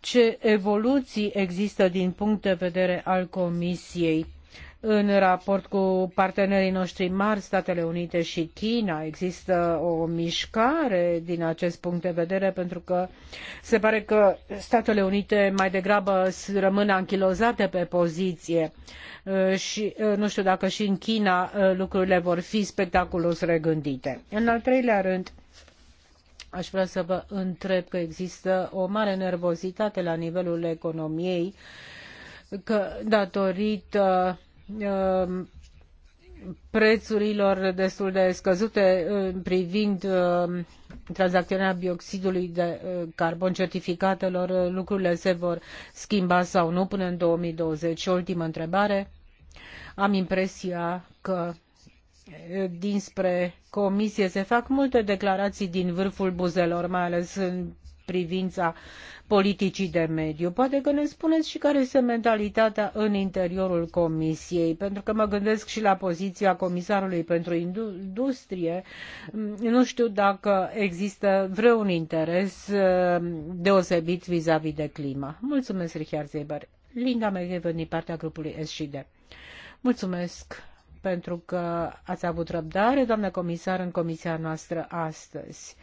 [SPEAKER 1] ce evoluții există din punct de vedere al Comisiei în raport cu partenerii noștri mari, Statele Unite și China, există o mișcare din acest punct de vedere, pentru că se pare că Statele Unite mai degrabă rămân anchilozate pe poziție uh, și uh, nu știu dacă și în China uh, lucrurile vor fi spectaculos regândite. În al treilea rând, Aș vrea să vă întreb că există o mare nervozitate la nivelul economiei că datorită Ehm, prețurilor destul de scăzute ehm, privind ehm, tranzacționarea bioxidului de carbon certificatelor, lucrurile se vor schimba sau nu până în 2020? Și ultimă întrebare. Am impresia că dinspre comisie se fac multe declarații din vârful buzelor, mai ales în privința politicii de mediu. Poate că ne spuneți și care este mentalitatea în interiorul Comisiei, pentru că mă gândesc și la poziția Comisarului pentru Industrie. Mm, nu știu dacă există vreun interes mm, deosebit vis-a-vis -vis de climă. Mulțumesc, Richard Zeber. Linda McGeven din partea grupului SCD. Mulțumesc pentru că ați avut răbdare, doamnă comisar, în comisia noastră astăzi.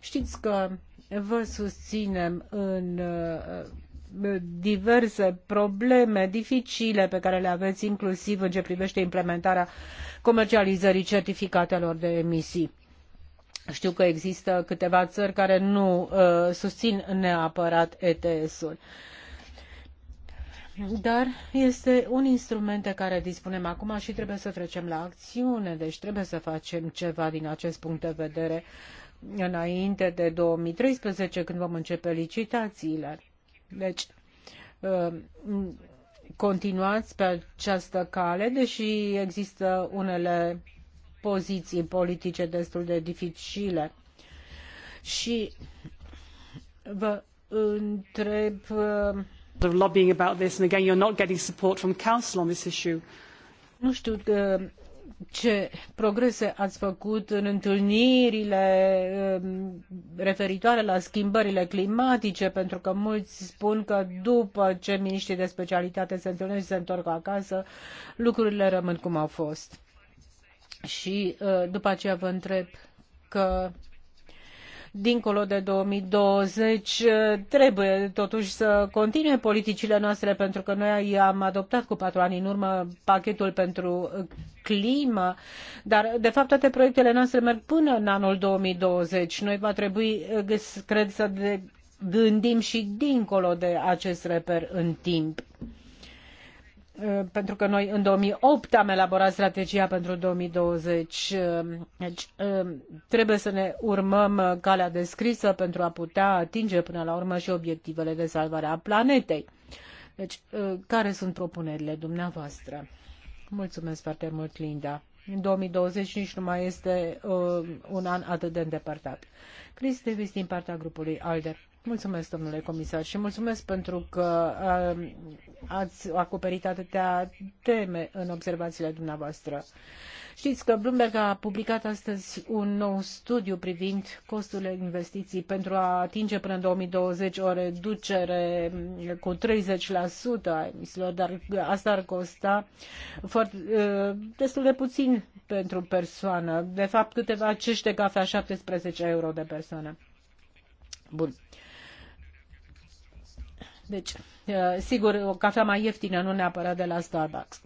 [SPEAKER 1] Știți că vă susținem în uh, diverse probleme dificile pe care le aveți inclusiv în ce privește implementarea comercializării certificatelor de emisii. Știu că există câteva țări care nu uh, susțin neapărat ETS-ul. Dar este un instrument de care dispunem acum și trebuie să trecem la acțiune, deci trebuie să facem ceva din acest punct de vedere. Uh, înainte de 2013, când vom începe licitațiile. Deci, uh, continuați pe această cale, deși există unele poziții politice destul de dificile. Și vă întreb uh, of lobbying about this and again you're not getting support from council on this issue. Nu știu uh, ce progrese ați făcut în întâlnirile um, referitoare la schimbările climatice, pentru că mulți spun că după ce miniștrii de specialitate se întâlnesc și se întorc acasă, lucrurile rămân cum au fost. Și uh, după aceea vă întreb că dincolo de 2020 eh, trebuie totuși să continue politicile noastre pentru că noi am adoptat cu patru ani în urmă pachetul pentru eh, climă, dar de fapt toate proiectele noastre merg până în anul 2020. Noi va trebui, eh, cred, să gândim și dincolo de acest reper în timp. Uh, pentru că noi în 2008 am elaborat strategia pentru 2020. Uh, deci uh, trebuie să ne urmăm calea descrisă pentru a putea atinge până la urmă și obiectivele de salvare a planetei. Deci, care sunt propunerile dumneavoastră? Mulțumesc foarte mult, Linda. În 2020 nici nu mai este uh, un an atât de îndepărtat. Chris Davis din partea grupului ALDER. Mulțumesc, domnule comisar, și mulțumesc pentru că um, ați acoperit atâtea teme în observațiile dumneavoastră. Știți că Bloomberg a publicat astăzi un nou studiu privind costurile investiției pentru a atinge până în 2020 o reducere cu 30% a emisiilor, dar asta ar costa foarte, uh, destul de puțin pentru persoană. De fapt, câteva cește cafea 17 euro de persoană. Bun. Uh, deci, uh, sigur, o cafea mai ieftină, nu neapărat de la Starbucks.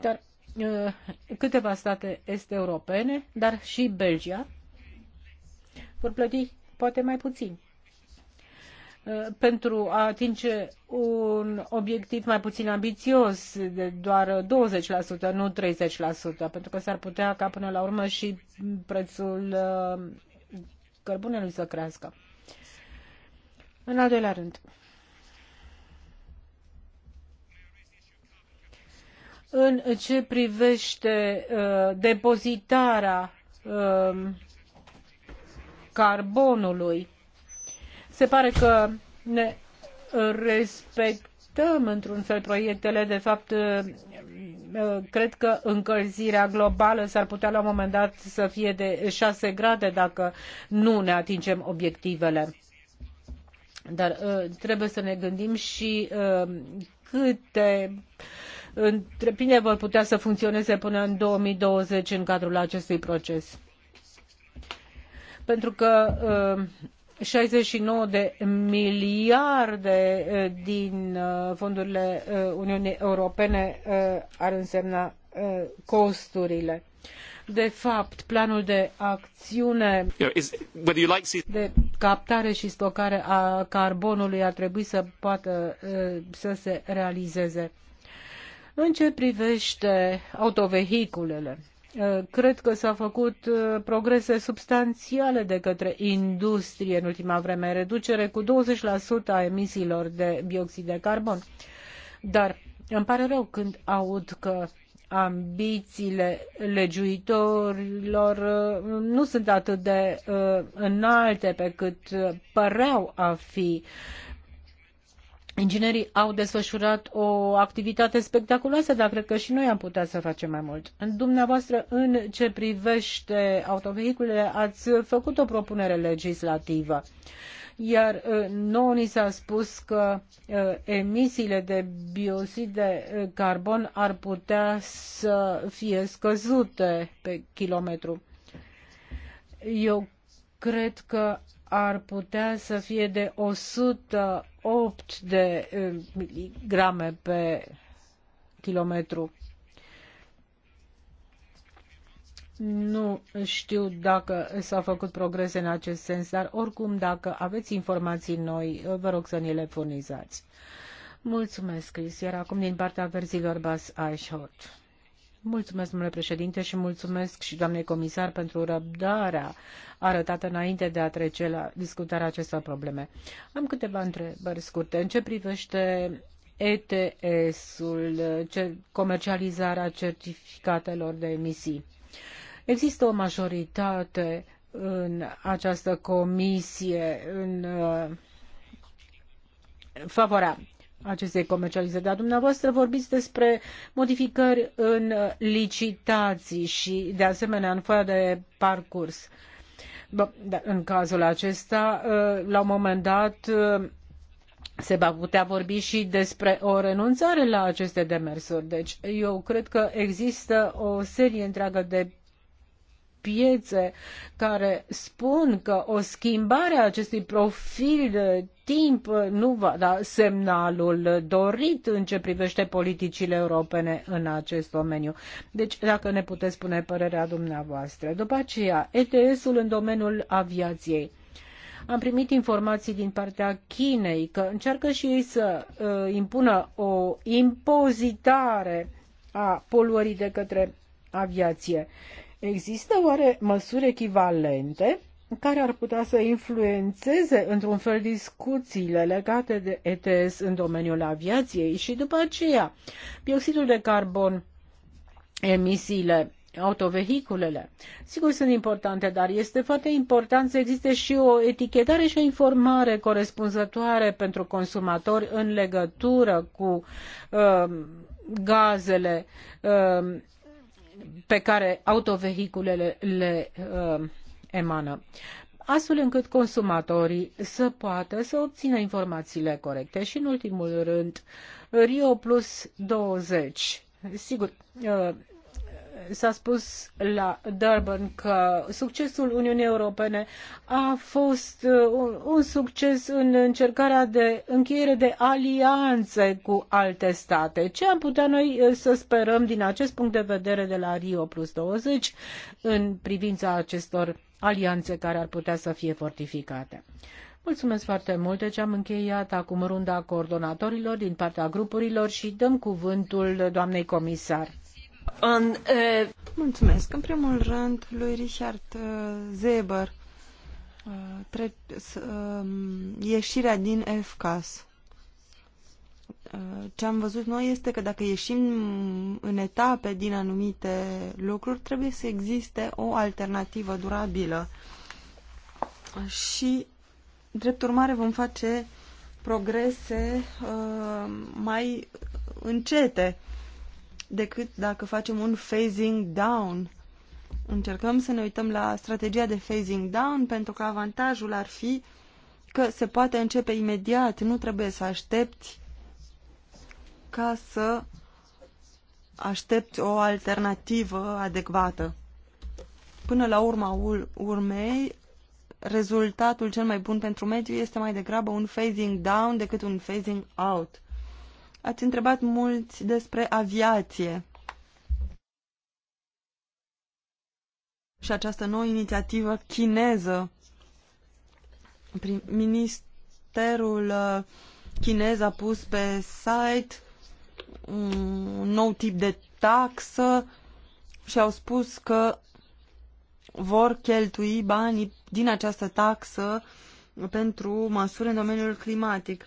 [SPEAKER 1] Dar uh, câteva state este europene, dar și Belgia, vor plăti poate mai puțin uh, pentru a atinge un obiectiv mai puțin ambițios, de doar 20%, nu 30%, pentru că s-ar putea ca până la urmă și prețul cărbunelui să crească. În al doilea rând, În ce privește uh, depozitarea um, carbonului, se pare că ne respectăm într-un fel proiectele. De fapt, uh, uh, cred că încălzirea globală s-ar putea la un moment dat să fie de 6 grade dacă nu ne atingem obiectivele. Dar trebuie să ne gândim și câte bine vor putea să funcționeze până în 2020 în cadrul acestui proces. Pentru că 69 uh, de miliarde uh, din uh, fondurile Uniunii Europene ar însemna costurile. De fapt, planul de acțiune de captare și stocare a carbonului ar trebui să poată să se realizeze. În ce privește autovehiculele, ă, cred că s-au făcut ă, progrese substanțiale de către industrie în ultima vreme, reducere cu 20% a emisiilor de dioxid de carbon. Dar îmi pare rău când aud că ambițiile legiuitorilor ă, nu sunt atât de înalte pe cât păreau a fi Inginerii au desfășurat o activitate spectaculoasă, dar cred că și noi am putea să facem mai mult. În Dumneavoastră, în ce privește autovehiculele, ați făcut o propunere legislativă iar uh, nouă ni s-a spus că uh, emisiile de biosid de uh, carbon ar putea să fie scăzute pe kilometru. Eu cred că ar putea să fie de 108 de eh, miligrame pe kilometru. Nu știu dacă s-au făcut progrese în acest sens, dar oricum dacă aveți informații noi, vă rog să ni le furnizați. Mulțumesc, Chris. Iar acum din partea verzilor Bas Aishot. Mulțumesc, domnule președinte, și mulțumesc și doamnei comisar pentru răbdarea arătată înainte de a trece la discutarea acestor probleme. Am câteva întrebări scurte. În ce privește ETS-ul, comercializarea certificatelor de emisii? Există o majoritate în această comisie în uh, favoarea acestei comercializări. Dar dumneavoastră vorbiți despre modificări în licitații și, de asemenea, în foaia de parcurs. Da, în cazul acesta, uh, la un moment dat, uh, se va putea vorbi și despre o renunțare la aceste demersuri. Deci, eu cred că există o serie întreagă de piețe care spun că o schimbare a acestui profil timp nu va da semnalul dorit în ce privește politicile europene în acest domeniu. Deci, dacă ne puteți spune părerea dumneavoastră. După aceea, ETS-ul în domeniul aviației. Am primit informații din partea Chinei că încearcă și ei să uh, impună o impozitare a poluării de către aviație. Există oare măsuri echivalente care ar putea să influențeze într-un fel discuțiile legate de ETS în domeniul aviației și după aceea bioxidul de carbon, emisiile autovehiculele. Sigur sunt importante, dar este foarte important să existe și o etichetare și o informare corespunzătoare pentru consumatori în legătură cu uh, gazele uh, pe care autovehiculele le uh, emană astfel încât consumatorii să poată să obțină informațiile corecte. Și în ultimul rând, Rio Plus 20. Sigur, uh, s-a spus la Durban că succesul Uniunii Europene a fost uh, un, succes în încercarea de încheiere de alianțe cu alte state. Ce am putea noi uh, să sperăm din acest punct de vedere de la Rio Plus 20 în privința acestor alianțe care ar putea să fie fortificate. Mulțumesc foarte mult, deci am încheiat acum runda coordonatorilor din partea grupurilor și dăm cuvântul doamnei comisar. În, e...
[SPEAKER 2] Mulțumesc. În primul rând, lui Richard uh, Zeber, uh, tre- ieșirea din FCAS. Uh, ce am văzut noi este că dacă ieșim în etape din anumite lucruri, trebuie să existe o alternativă durabilă. Și, drept urmare, vom face progrese uh, mai încete decât dacă facem un phasing down. Încercăm să ne uităm la strategia de phasing down pentru că avantajul ar fi că se poate începe imediat, nu trebuie să aștepți ca să aștepți o alternativă adecvată. Până la urma urmei, rezultatul cel mai bun pentru mediu este mai degrabă un phasing down decât un phasing out. Ați întrebat mulți despre aviație. Și această nouă inițiativă chineză. Ministerul uh, chinez a pus pe site un nou tip de taxă și au spus că vor cheltui banii din această taxă pentru măsuri în domeniul climatic.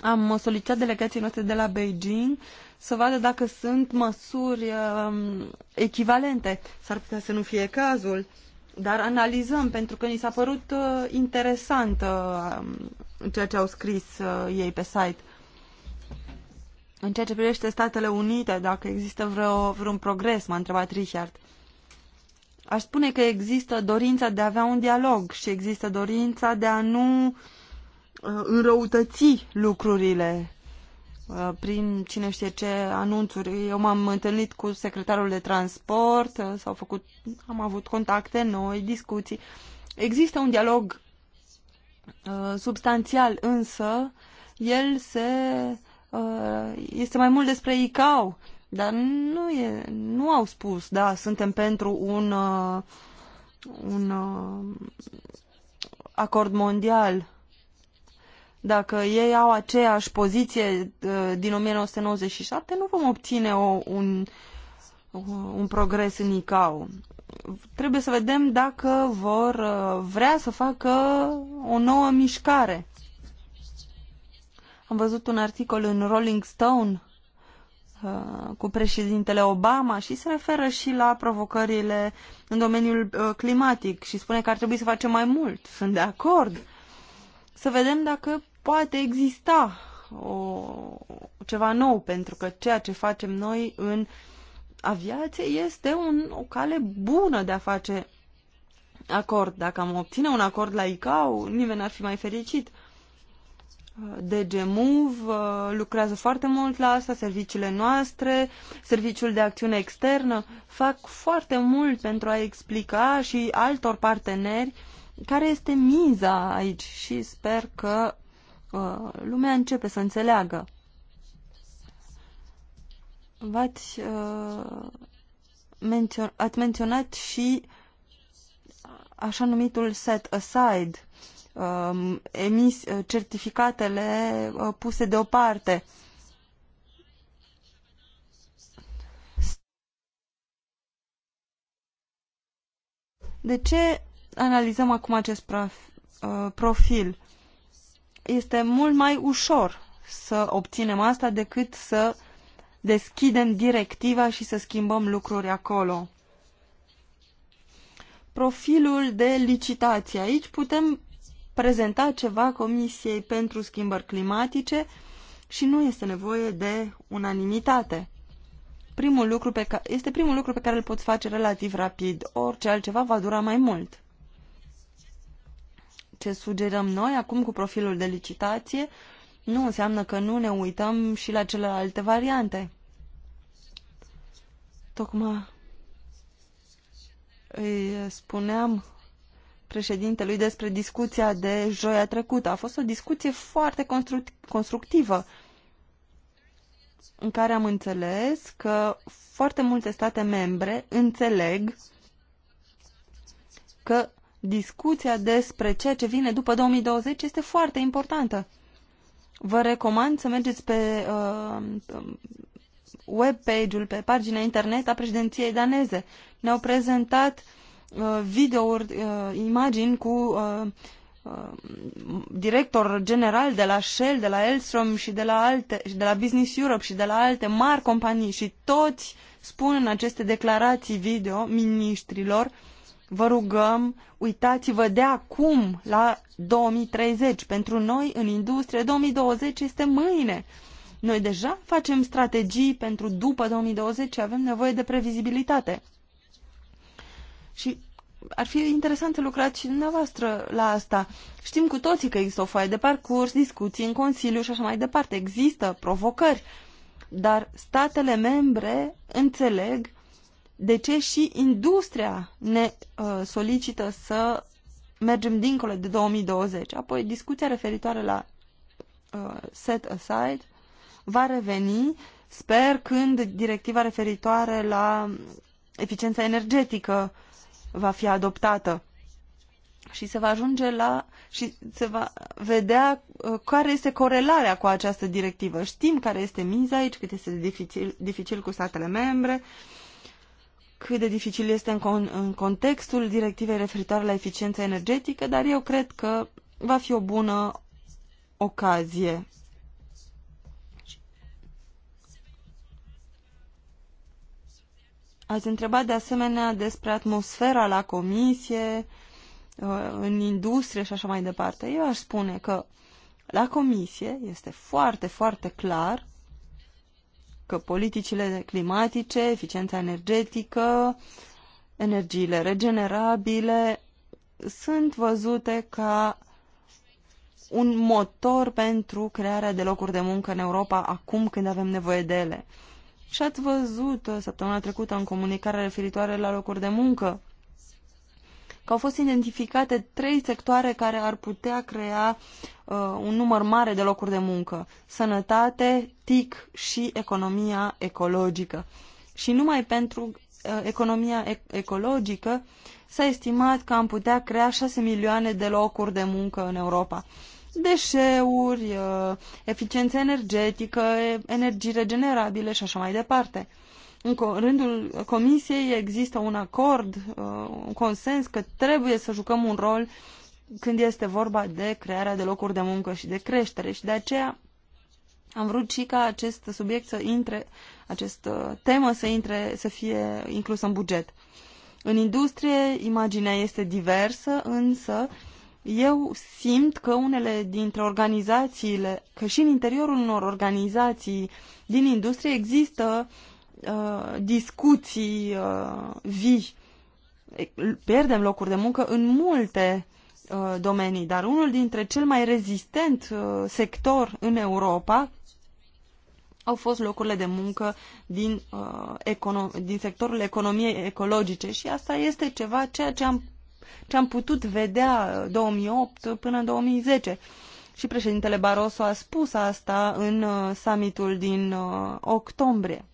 [SPEAKER 2] Am solicitat delegației noastre de la Beijing să vadă dacă sunt măsuri um, echivalente. S-ar putea să nu fie cazul, dar analizăm pentru că ni s-a părut uh, interesant uh, um, ceea ce au scris uh, ei pe site. În ceea ce privește Statele Unite, dacă există vreo, vreun progres, m-a întrebat Richard. Aș spune că există dorința de a avea un dialog și există dorința de a nu uh, înrăutăți lucrurile uh, prin cine știe ce anunțuri. Eu m-am întâlnit cu secretarul de transport, uh, s-au făcut, am avut contacte noi, discuții. Există un dialog uh, substanțial, însă el se Uh, este mai mult despre ICAO, dar nu, e, nu au spus, da, suntem pentru un, uh, un uh, acord mondial. Dacă ei au aceeași poziție din 1997, nu vom obține o, un, un progres în ICAO. Trebuie să vedem dacă vor vrea să facă o nouă mișcare. Am văzut un articol în Rolling Stone uh, cu președintele Obama și se referă și la provocările în domeniul uh, climatic și spune că ar trebui să facem mai mult. Sunt de acord. Să vedem dacă poate exista o, ceva nou, pentru că ceea ce facem noi în aviație este un, o cale bună de a face acord. Dacă am obține un acord la ICAO, nimeni n-ar fi mai fericit. Uh, DG Move uh, lucrează foarte mult la asta, serviciile noastre, serviciul de acțiune externă fac foarte mult pentru a explica și altor parteneri care este miza aici și sper că uh, lumea începe să înțeleagă. V-ați uh, menționat, ați menționat și așa numitul set aside um, emis, uh, certificatele uh, puse deoparte. De ce analizăm acum acest uh, profil? Este mult mai ușor să obținem asta decât să deschidem directiva și să schimbăm lucruri acolo. Profilul de licitație. Aici putem prezenta ceva Comisiei pentru Schimbări Climatice și nu este nevoie de unanimitate. Primul lucru pe ca- este primul lucru pe care îl poți face relativ rapid. Orice altceva va dura mai mult. Ce sugerăm noi acum cu profilul de licitație nu înseamnă că nu ne uităm și la celelalte variante. Tocmai îi spuneam președintelui despre discuția de joia trecută. A fost o discuție foarte constructivă în care am înțeles că foarte multe state membre înțeleg că discuția despre ceea ce vine după 2020 este foarte importantă. Vă recomand să mergeți pe uh, webpage-ul, pe pagina internet a președinției daneze. Ne-au prezentat uh, Uh, videouri, uh, imagini cu uh, director general de la Shell, de la Elstrom și de la, alte, și de la Business Europe și de la alte mari companii și toți spun în aceste declarații video ministrilor vă rugăm, uitați-vă de acum la 2030. Pentru noi, în industrie, 2020 este mâine. Noi deja facem strategii pentru după 2020 și avem nevoie de previzibilitate. Și ar fi interesant să lucrați și dumneavoastră la asta. Știm cu toții că există o foaie de parcurs, discuții în Consiliu și așa mai departe. Există provocări, dar statele membre înțeleg de ce și industria ne uh, solicită să mergem dincolo de 2020. Apoi, discuția referitoare la uh, set aside va reveni, sper, când directiva referitoare la eficiența energetică uh, va fi adoptată și se va ajunge la și se va vedea uh, care este corelarea cu această directivă. Știm care este miza aici, cât este dificil, dificil cu statele membre, cât de dificil este în, con, în contextul directivei referitoare la eficiența energetică, dar eu cred că va fi o bună ocazie. Ați întrebat de asemenea despre atmosfera la comisie, uh, în industrie și așa mai departe. Eu aș spune că la comisie este foarte, foarte clar că politicile climatice, eficiența energetică, energiile regenerabile sunt văzute ca un motor pentru crearea de locuri de muncă în Europa acum când avem nevoie de ele. Și ați văzut uh, săptămâna trecută în comunicarea referitoare la locuri de muncă că au fost identificate trei sectoare care ar putea crea uh, un număr mare de locuri de muncă. Sănătate, TIC și economia ecologică. Și numai pentru uh, economia e- ecologică s-a estimat că am putea crea 6 milioane de locuri de muncă în Europa deșeuri, uh, eficiență energetică, energii regenerabile și așa mai departe. În rândul Comisiei există un acord, uh, un consens că trebuie să jucăm un rol când este vorba de crearea de locuri de muncă și de creștere și de aceea am vrut și ca acest subiect să intre, această uh, temă să intre, să fie inclusă în buget. În industrie, imaginea este diversă, însă uh, eu simt că unele dintre organizațiile, că și în interiorul unor organizații din industrie există uh, discuții uh, vii. Pierdem locuri de muncă în multe uh, domenii, dar unul dintre cel mai rezistent uh, sector în Europa au fost locurile de muncă din, uh, econo- din sectorul economiei ecologice și asta este ceva ceea ce am ce am putut vedea 2008 uh, până în 2010. Și președintele Barroso a spus asta în uh, summitul din uh, octombrie.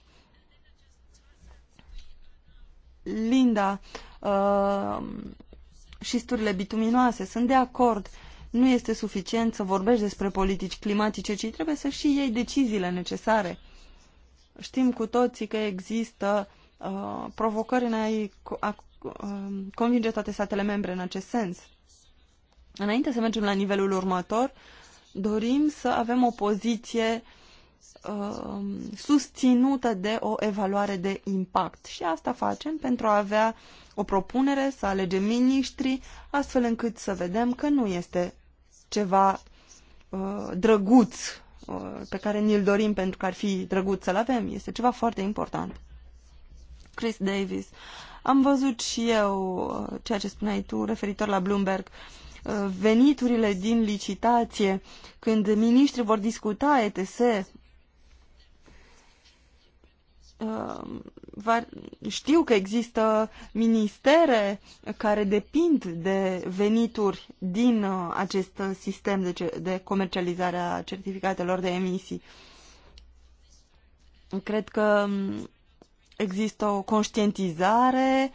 [SPEAKER 2] Linda, uh, sturile bituminoase, sunt de acord. Nu este suficient să vorbești despre politici climatice, ci trebuie să și iei deciziile necesare. Știm cu toții că există uh, provocări în a, a Um, convinge toate statele membre în acest sens. Înainte să mergem la nivelul următor, dorim să avem o poziție um, susținută de o evaluare de impact. Și asta facem pentru a avea o propunere, să alegem miniștri, astfel încât să vedem că nu este ceva uh, drăguț uh, pe care ni-l dorim pentru că ar fi drăguț să-l avem. Este ceva foarte important. Chris Davis am văzut și eu uh, ceea ce spuneai tu referitor la Bloomberg uh, veniturile din licitație, când miniștrii vor discuta ETS, uh, știu că există ministere care depind de venituri din acest sistem de, de comercializare a certificatelor de emisii. Cred că um, Există o conștientizare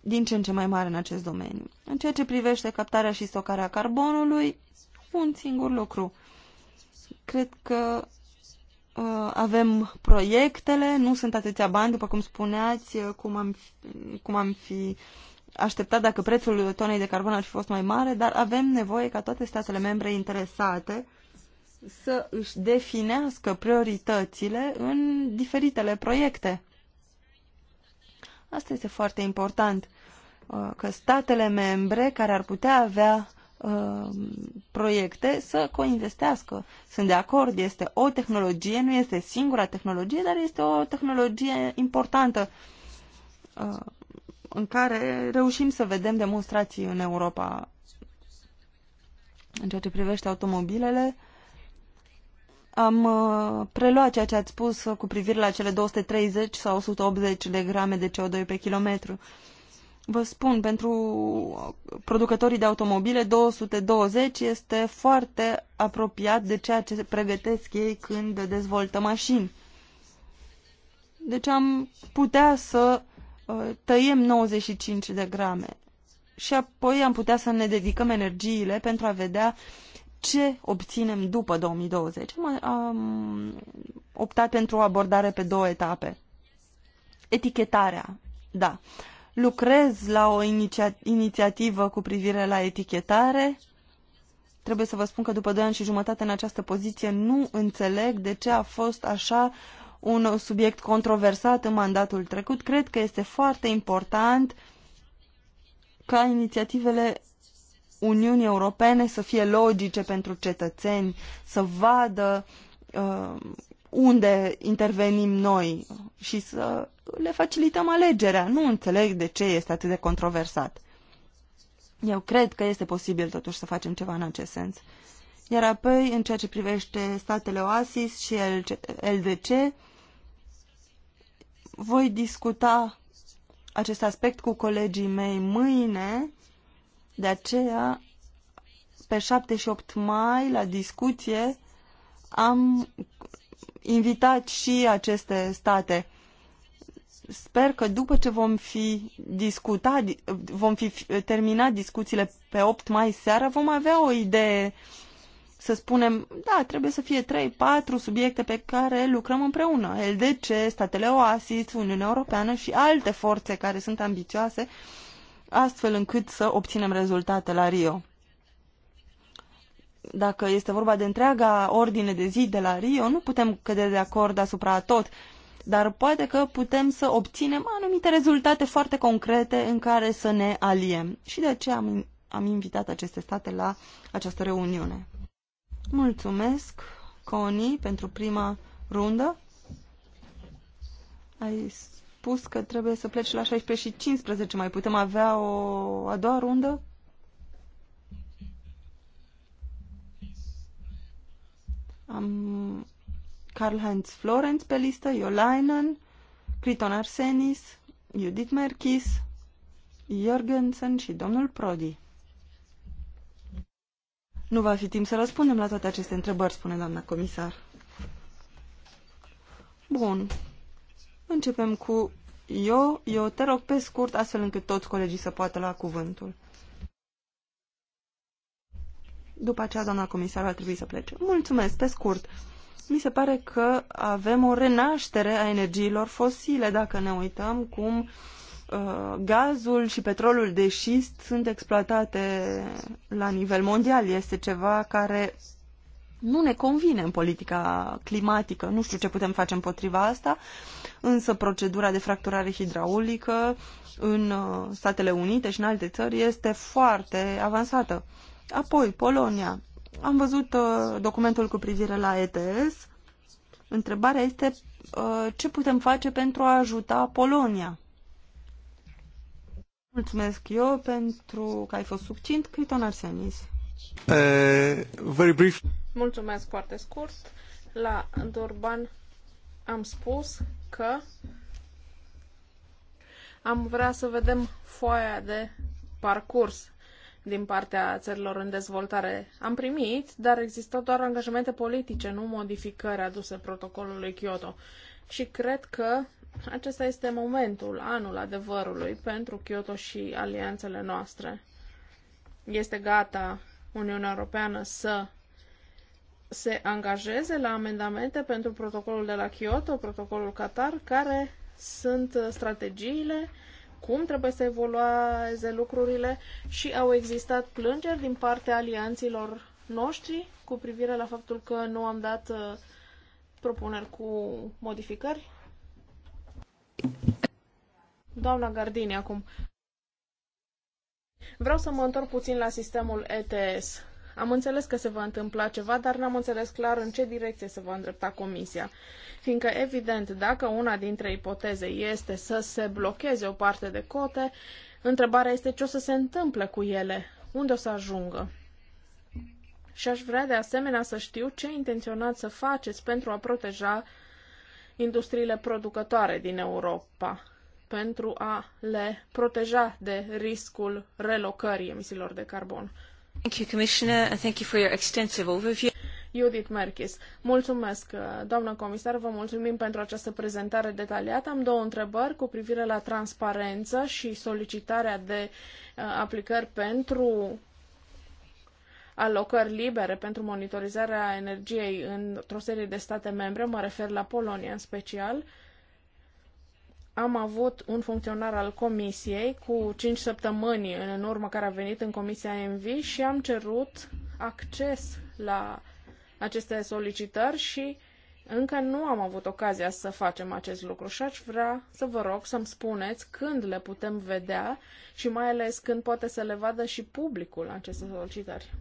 [SPEAKER 2] din ce în ce mai mare în acest domeniu. În ceea ce privește captarea și stocarea carbonului, un singur lucru. Cred că uh, avem proiectele, nu sunt atâția bani, după cum spuneați, uh, cum am, cum am fi așteptat dacă prețul tonei de carbon ar fi fost mai mare, dar avem nevoie ca toate statele membre interesate să își definească prioritățile în diferitele proiecte. Asta este foarte important, uh, că statele membre care ar putea avea uh, proiecte să coinvestească. Sunt de acord, este o tehnologie, nu este singura tehnologie, dar este o tehnologie importantă uh, în care reușim să vedem demonstrații în Europa. În ceea ce privește automobilele, am uh, preluat ceea ce ați spus cu privire la cele 230 sau 180 de grame de CO2 pe kilometru. Vă spun, pentru producătorii de automobile, 220 este foarte apropiat de ceea ce pregătesc ei când dezvoltă mașini. Deci am putea să uh, tăiem 95 de grame și apoi am putea să ne dedicăm energiile pentru a vedea ce obținem după 2020. Am, am optat pentru o abordare pe două etape. Etichetarea, da. Lucrez la o inicia inițiativă cu privire la etichetare. Trebuie să vă spun că după 2 ani și jumătate în această poziție nu înțeleg de ce a fost așa un subiect controversat în mandatul trecut. Cred că este foarte important ca inițiativele Uniunii Europene să fie logice pentru cetățeni, să vadă uh, unde intervenim noi și să le facilităm alegerea. Nu înțeleg de ce este atât de controversat. Eu cred că este posibil totuși să facem ceva în acest sens. Iar apoi, în ceea ce privește statele OASIS și LDC, voi discuta acest aspect cu colegii mei mâine de aceea, pe 7 și 8 mai, la discuție, am invitat și aceste state. Sper că după ce vom fi discutat, vom fi terminat discuțiile pe 8 mai seara, vom avea o idee să spunem, da, trebuie să fie 3-4 subiecte pe care lucrăm împreună. LDC, statele Oasis, Uniunea Europeană și alte forțe care sunt ambițioase astfel încât să obținem rezultate la Rio. Dacă este vorba de întreaga ordine de zi de la Rio, nu putem căde de acord asupra tot, dar poate că putem să obținem anumite rezultate foarte concrete în care să ne aliem. Și de aceea am, am invitat aceste state la această reuniune. Mulțumesc, Coni, pentru prima rundă. Ai spus că trebuie să pleci la 16 și 15. Mai putem avea o a doua rundă? Am Karl-Heinz Florenz pe listă, Jolainen, Criton Arsenis, Judith Merkis, Jorgensen și domnul Prodi. Nu va fi timp să răspundem la toate aceste întrebări, spune doamna comisar. Bun, Începem cu eu. Eu te rog pe scurt, astfel încât toți colegii să poată lua cuvântul. După aceea, doamna comisar va trebui să plece. Mulțumesc, pe scurt. Mi se pare că avem o renaștere a energiilor fosile, dacă ne uităm cum uh, gazul și petrolul de șist sunt exploatate la nivel mondial. Este ceva care nu ne convine în politica climatică. Nu știu ce putem face împotriva asta, însă procedura de fracturare hidraulică în uh, Statele Unite și în alte țări este foarte avansată. Apoi, Polonia. Am văzut uh, documentul cu privire la ETS. Întrebarea este uh, ce putem face pentru a ajuta Polonia. Mulțumesc eu pentru că ai fost succint, Criton Arsenis. Uh,
[SPEAKER 3] Mulțumesc foarte scurt. La Durban am spus că am vrea să vedem foaia de parcurs din partea țărilor în dezvoltare. Am primit, dar există doar angajamente politice, nu modificări aduse protocolului Kyoto. Și cred că acesta este momentul, anul adevărului pentru Kyoto și alianțele noastre. Este gata Uniunea Europeană să se angajeze la amendamente pentru protocolul de la Kyoto, protocolul Qatar, care sunt strategiile, cum trebuie să evolueze lucrurile și au existat plângeri din partea alianților noștri cu privire la faptul că nu am dat uh, propuneri cu modificări. Doamna Gardini, acum. Vreau să mă întorc puțin la sistemul ETS. Am înțeles că se va întâmpla ceva, dar n-am înțeles clar în ce direcție se va îndrepta comisia. Fiindcă, evident, dacă una dintre ipoteze este să se blocheze o parte de cote, întrebarea este ce o să se întâmple cu ele, unde o să ajungă. Și aș vrea de asemenea să știu ce intenționați să faceți pentru a proteja industriile producătoare din Europa pentru a le proteja de riscul relocării emisiilor de carbon. Thank you, Commissioner, and thank you for your extensive overview. Judith Merkis. Mulțumesc, doamnă comisar, vă mulțumim pentru această prezentare detaliată. Am două întrebări cu privire la transparență și solicitarea de uh, aplicări pentru alocări libere pentru monitorizarea energiei într-o serie de state membre, mă refer la Polonia în special. Uh, am avut un funcționar al comisiei cu 5 săptămâni în urmă care a venit în comisia ENVI și am cerut acces la aceste solicitări și încă nu am avut ocazia să facem acest lucru și aș vrea să vă rog să-mi spuneți când le putem vedea și mai ales când poate să le vadă și publicul aceste solicitări.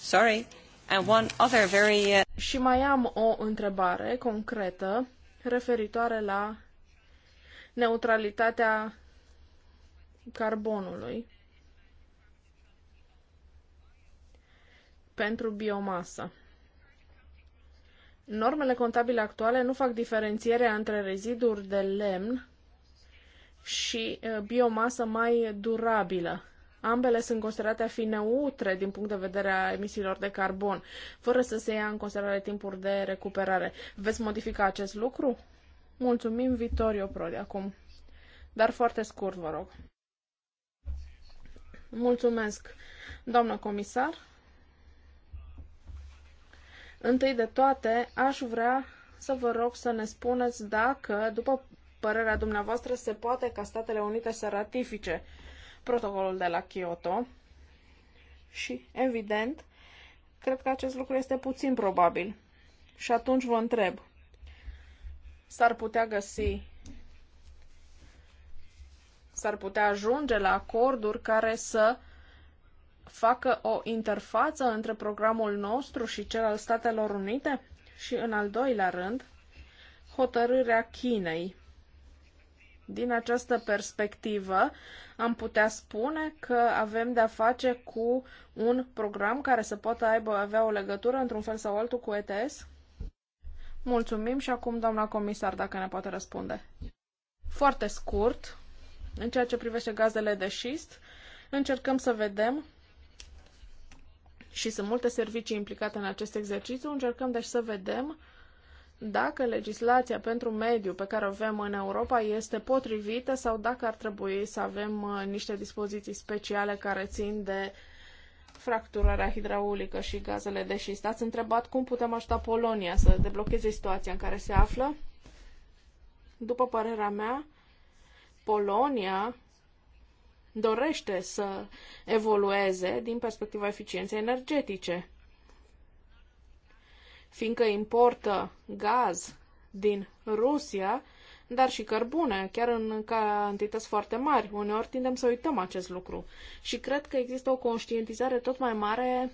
[SPEAKER 3] Sorry, And one other very, uh... Și mai am o întrebare concretă referitoare la neutralitatea carbonului pentru biomasă. Normele contabile actuale nu fac diferențierea între reziduri de lemn și uh, biomasă mai durabilă. Ambele sunt considerate a fi neutre din punct de vedere a emisiilor de carbon, fără să se ia în considerare timpuri de recuperare. Veți modifica acest lucru? Mulțumim, Vitorio Prodi, acum. Dar foarte scurt, vă rog. Mulțumesc, doamnă comisar. Întâi de toate, aș vrea să vă rog să ne spuneți dacă, după părerea dumneavoastră, se poate ca Statele Unite să ratifice uh, protocolul de la Kyoto și, evident, cred că acest lucru este puțin probabil. Și atunci vă întreb, s-ar putea găsi, s-ar putea ajunge la acorduri care să facă o interfață între programul nostru și cel al Statelor Unite? Și în al doilea rând, hotărârea Chinei din această perspectivă, am putea spune că avem de-a face cu un program care să poată aibă, avea o legătură într-un fel sau altul cu ETS? Mulțumim și acum, doamna comisar, dacă ne poate răspunde. Foarte scurt, în ceea ce privește gazele de șist, încercăm să vedem și sunt multe servicii implicate în acest exercițiu, încercăm deci să vedem dacă legislația pentru mediu pe care o avem în Europa este potrivită sau dacă ar trebui să avem uh, niște dispoziții speciale care țin de fracturarea hidraulică și gazele de șist. Ați întrebat cum putem ajuta Polonia să deblocheze situația în care se află? După părerea mea, Polonia dorește să evolueze din perspectiva eficienței energetice fiindcă importă gaz din Rusia, dar și cărbune, chiar în cantități foarte mari. Uneori tindem să uităm acest lucru. Și cred că există o conștientizare tot mai mare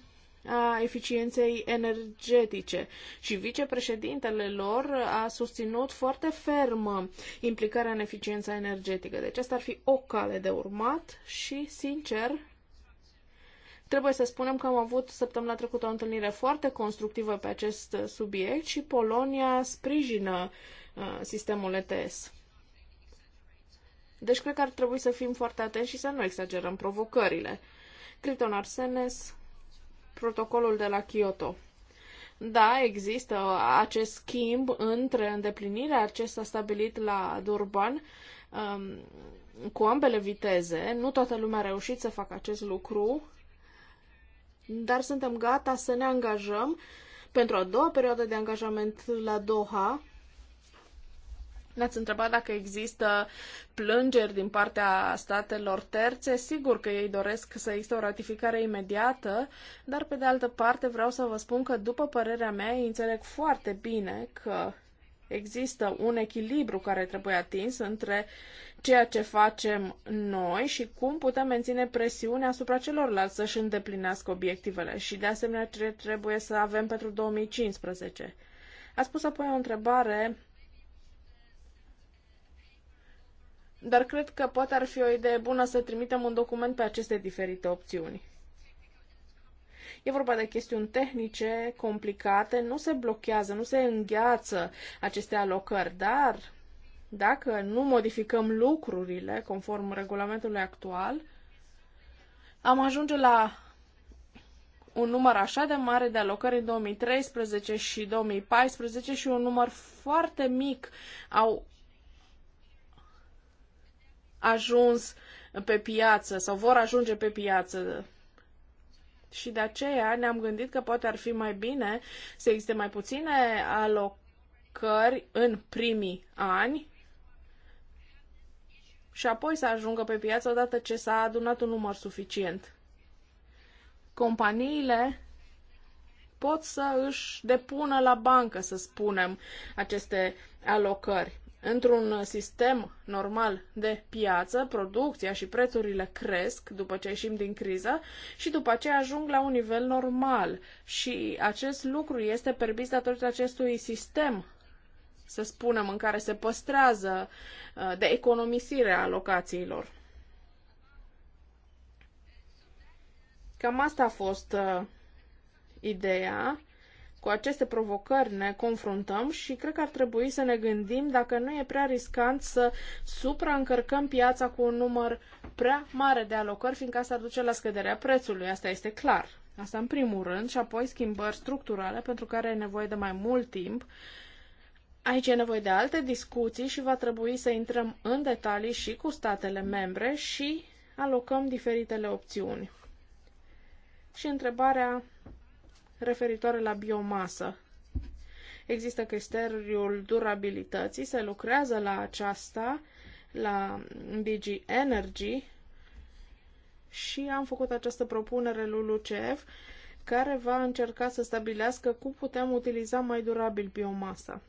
[SPEAKER 3] a eficienței energetice și vicepreședintele lor a susținut foarte ferm implicarea în eficiența energetică. Deci asta ar fi o cale de urmat și, sincer, Trebuie să spunem că am avut săptămâna trecută o întâlnire foarte constructivă pe acest subiect și Polonia sprijină uh, sistemul ETS. Deci cred că ar trebui să fim foarte atenți și să nu exagerăm provocările. Criton Arsenes, protocolul de la Kyoto. Da, există acest schimb între îndeplinirea acesta stabilit la Durban um, cu ambele viteze. Nu toată lumea a reușit să facă acest lucru dar suntem gata să ne angajăm pentru a doua perioadă de angajament la Doha. Ne-ați întrebat dacă există plângeri din partea statelor terțe. Sigur că ei doresc să existe o ratificare imediată, dar pe de altă parte vreau să vă spun că, după părerea mea, ei înțeleg foarte bine că Există un echilibru care trebuie atins între ceea ce facem noi și cum putem menține presiunea asupra celorlalți să-și îndeplinească obiectivele și de asemenea ce trebuie să avem pentru 2015. A spus apoi o întrebare dar cred că poate ar fi o idee bună să trimitem un document pe aceste diferite opțiuni. E vorba de chestiuni tehnice, complicate, nu se blochează, nu se îngheață aceste alocări, dar dacă nu modificăm lucrurile conform regulamentului actual, am ajunge la un număr așa de mare de alocări în 2013 și 2014 și un număr foarte mic au ajuns pe piață sau vor ajunge pe piață și de aceea ne-am gândit că poate ar fi mai bine să existe mai puține alocări în primii ani și apoi să ajungă pe piață odată ce s-a adunat un număr suficient. Companiile pot să își depună la bancă, să spunem, aceste alocări. Într-un sistem normal de piață, producția și prețurile cresc după ce ieșim din criză și după aceea ajung la un nivel normal. Și acest lucru este permis datorită acestui sistem, să spunem, în care se păstrează uh, de economisire a locațiilor. Cam asta a fost uh, ideea cu aceste provocări ne confruntăm și cred că ar trebui să ne gândim dacă nu e prea riscant să supraîncărcăm piața cu un număr prea mare de alocări, fiindcă asta duce la scăderea prețului. Asta este clar. Asta în primul rând și apoi schimbări structurale pentru care e nevoie de mai mult timp. Aici e nevoie de alte discuții și va trebui să intrăm în detalii și cu statele membre și alocăm diferitele opțiuni. Și întrebarea referitoare la biomasă. Există criteriul durabilității, se lucrează la aceasta, la DG Energy și am făcut această propunere lui LUCEF care va încerca să stabilească cum putem utiliza mai durabil biomasa.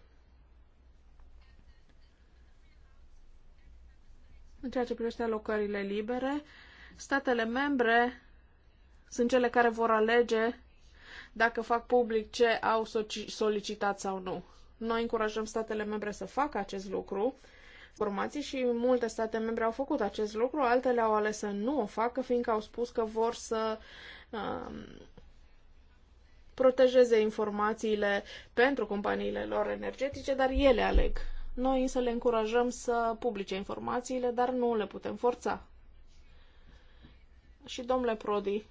[SPEAKER 3] În ceea ce privește alocările libere, statele membre sunt cele care vor alege dacă fac public ce au solicitat sau nu. Noi încurajăm statele membre să facă acest lucru, informații și multe state membre au făcut acest lucru, altele au ales să nu o facă, fiindcă au spus că vor să um, protejeze informațiile pentru companiile lor energetice, dar ele aleg. Noi însă le încurajăm să publice informațiile, dar nu le putem forța. Și domnule Prodi,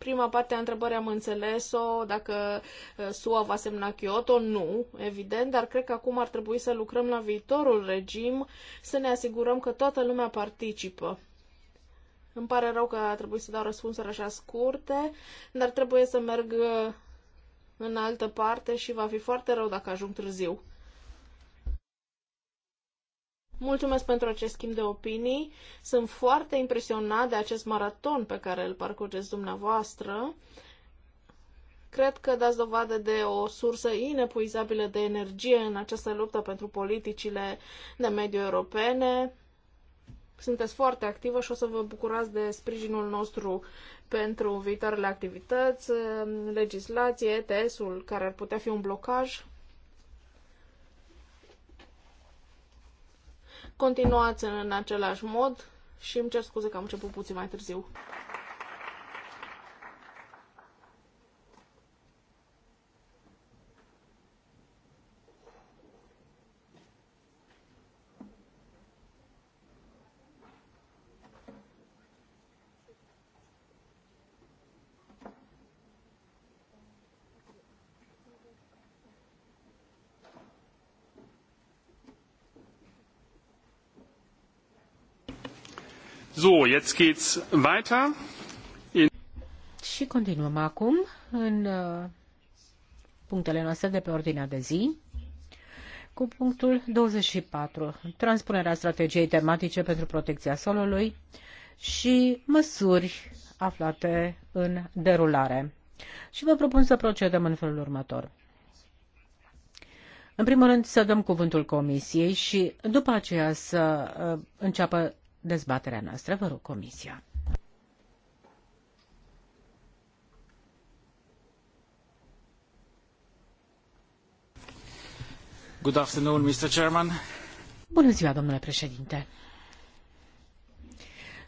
[SPEAKER 3] Prima parte a întrebării am înțeles-o, dacă uh, SUA va semna Kyoto, nu, evident, dar cred că acum ar trebui să lucrăm la viitorul regim, să ne asigurăm că toată lumea participă. Îmi pare rău că a trebuit să dau răspunsuri așa scurte, dar trebuie să merg uh, în altă parte și va fi foarte rău dacă ajung târziu. Mulțumesc pentru acest schimb de opinii. Sunt foarte impresionat de acest maraton pe care îl parcurgeți dumneavoastră. Cred că dați dovadă de o sursă inepuizabilă de energie în această luptă pentru politicile de mediu europene. Sunteți foarte activă și o să vă bucurați de sprijinul nostru pentru viitoarele activități, legislație, ETS-ul, care ar putea fi un blocaj Continuați în același mod și îmi cer scuze că am început puțin mai târziu.
[SPEAKER 1] Și continuăm acum în uh, punctele noastre de pe ordinea de zi cu punctul 24, transpunerea strategiei tematice pentru protecția solului și măsuri aflate în derulare. Și vă propun să procedăm în felul următor. În primul rând să dăm cuvântul Comisiei și după aceea să uh, înceapă dezbaterea noastră. Vă rog, Comisia. Good afternoon, Mr. Chairman. Bună ziua, domnule președinte.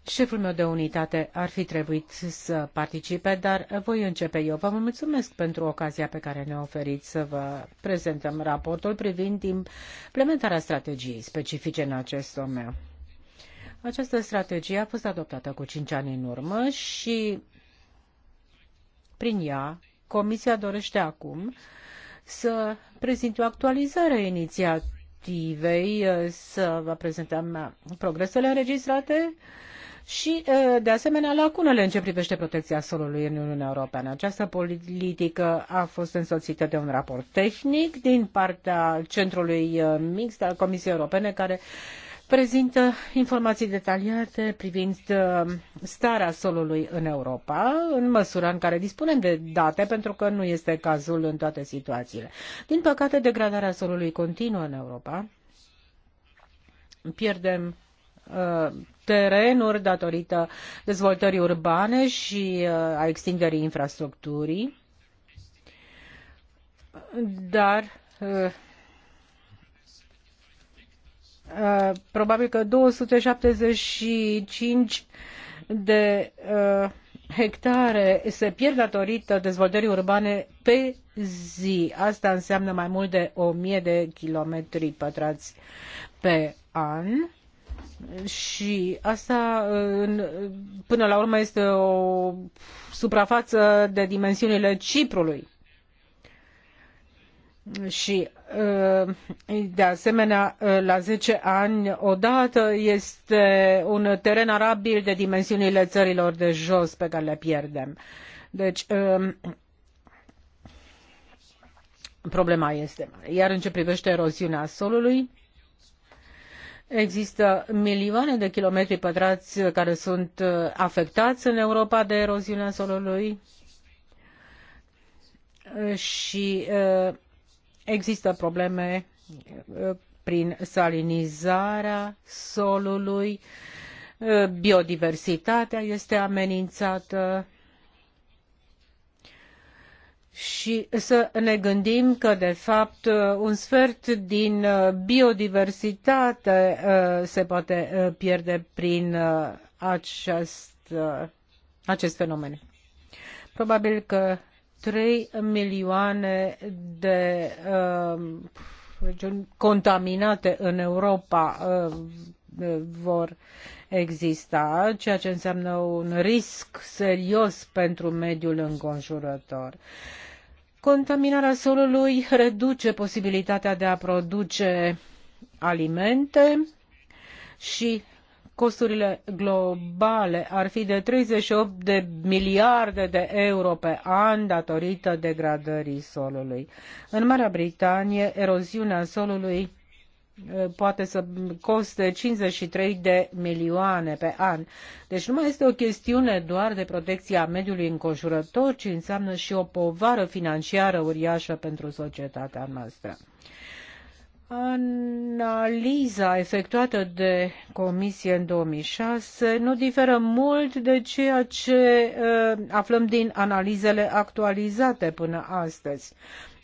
[SPEAKER 1] Șeful meu de unitate ar fi trebuit să participe, dar voi începe eu. Vă mulțumesc pentru ocazia pe care ne oferiți să vă prezentăm raportul privind implementarea strategiei specifice în acest domeniu. Această strategie a fost adoptată cu 5 ani în urmă și prin ea Comisia dorește acum să prezinte o actualizare a inițiativei, să vă prezentăm progresele înregistrate și, de asemenea, lacunele în ce privește protecția solului în Uniunea Europeană. Această politică a fost însoțită de un raport tehnic din partea Centrului Mixt al Comisiei Europene, care uh, prezintă informații detaliate privind uh, starea solului în Europa, în măsura în care dispunem de date, pentru că nu este cazul în toate situațiile. Din păcate, degradarea solului continuă în Europa. Pierdem uh, terenuri datorită dezvoltării urbane și uh, a extinderii infrastructurii, dar Uh, probabil că 275 de uh, hectare se pierd datorită dezvoltării urbane pe zi. Asta înseamnă mai mult de 1000 de kilometri pătrați pe an. Și asta, uh, până la urmă, este o suprafață de dimensiunile Ciprului și uh, de asemenea uh, la zece ani odată este un teren arabil de dimensiunile țărilor de jos pe care le pierdem. Deci um, problema este mare. Iar în ce privește eroziunea solului, există milioane de kilometri pătrați care sunt uh, afectați în Europa de eroziunea solului și uh, Există probleme prin salinizarea solului, biodiversitatea este amenințată și să ne gândim că, de fapt, un sfert din biodiversitate se poate pierde prin acest, acest fenomen. Probabil că 3 milioane de uh, regiuni contaminate în Europa uh, vor exista, ceea ce înseamnă un risc serios pentru mediul înconjurător. Contaminarea solului reduce posibilitatea de a produce alimente și costurile globale ar fi de 38 de miliarde de euro pe an datorită degradării solului. În Marea Britanie, eroziunea solului eh, poate să coste 53 de milioane pe an. Deci nu mai este o chestiune doar de protecția mediului înconjurător, ci înseamnă și o povară financiară uriașă pentru societatea noastră. Analiza efectuată de comisie în 2006 nu diferă mult de ceea ce uh, aflăm din analizele actualizate până astăzi.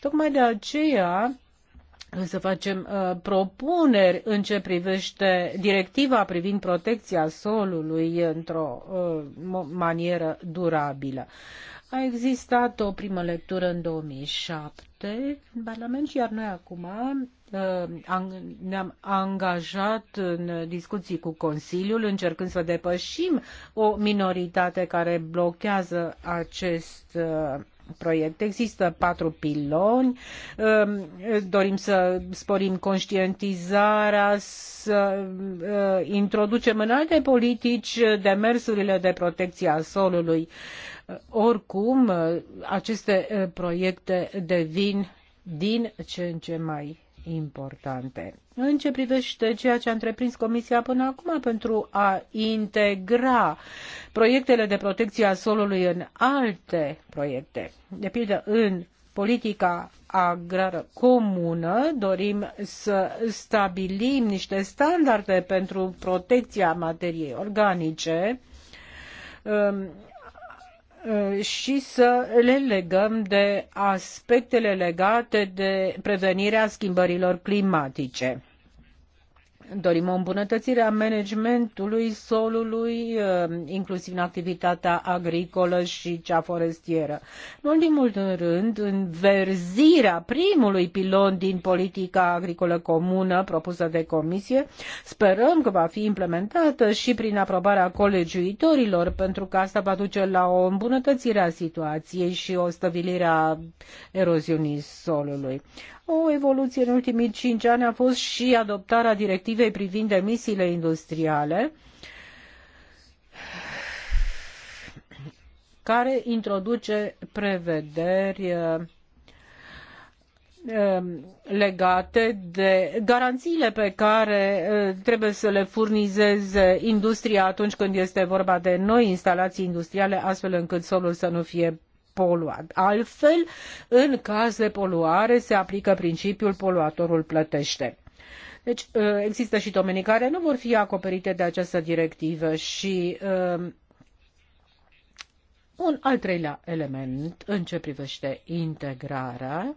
[SPEAKER 1] Tocmai de aceea să facem uh, propuneri în ce privește directiva privind protecția solului într-o uh, manieră durabilă. A existat o primă lectură în 2007 în Parlament, iar noi acum Uh, ne-am angajat în discuții cu Consiliul, încercând să depășim o minoritate care blochează acest uh, proiect. Există patru piloni, um, dorim să sporim conștientizarea, să uh, introducem în alte politici demersurile de protecție a solului. Oricum, aceste proiecte devin din ce în ce mai importante. În ce privește ceea ce a întreprins Comisia până acum pentru a integra proiectele de protecție a solului în alte proiecte, de pildă în politica agrară comună, dorim să stabilim niște standarde pentru protecția materiei organice, um, Uh, și să le legăm de aspectele legate de prevenirea schimbărilor climatice dorim o îmbunătățire a managementului solului, uh, inclusiv în activitatea agricolă și cea forestieră. În ultimul rând, înverzirea primului pilon din politica agricolă comună propusă de comisie, sperăm că va fi implementată și prin aprobarea colegiuitorilor, pentru că asta va duce la o îmbunătățire a situației și o stabilire a eroziunii solului. O evoluție în ultimii cinci ani a fost și adoptarea directivei privind emisiile industriale, care introduce prevederi uh, um, legate de garanțiile pe care uh, trebuie să le furnizeze industria atunci când este vorba de noi instalații industriale, astfel încât solul să nu fie polua. Altfel, în caz de poluare, se aplică principiul poluatorul plătește. Deci uh, există și domenii care nu vor fi acoperite de această directivă și um, un al treilea element în ce privește integrarea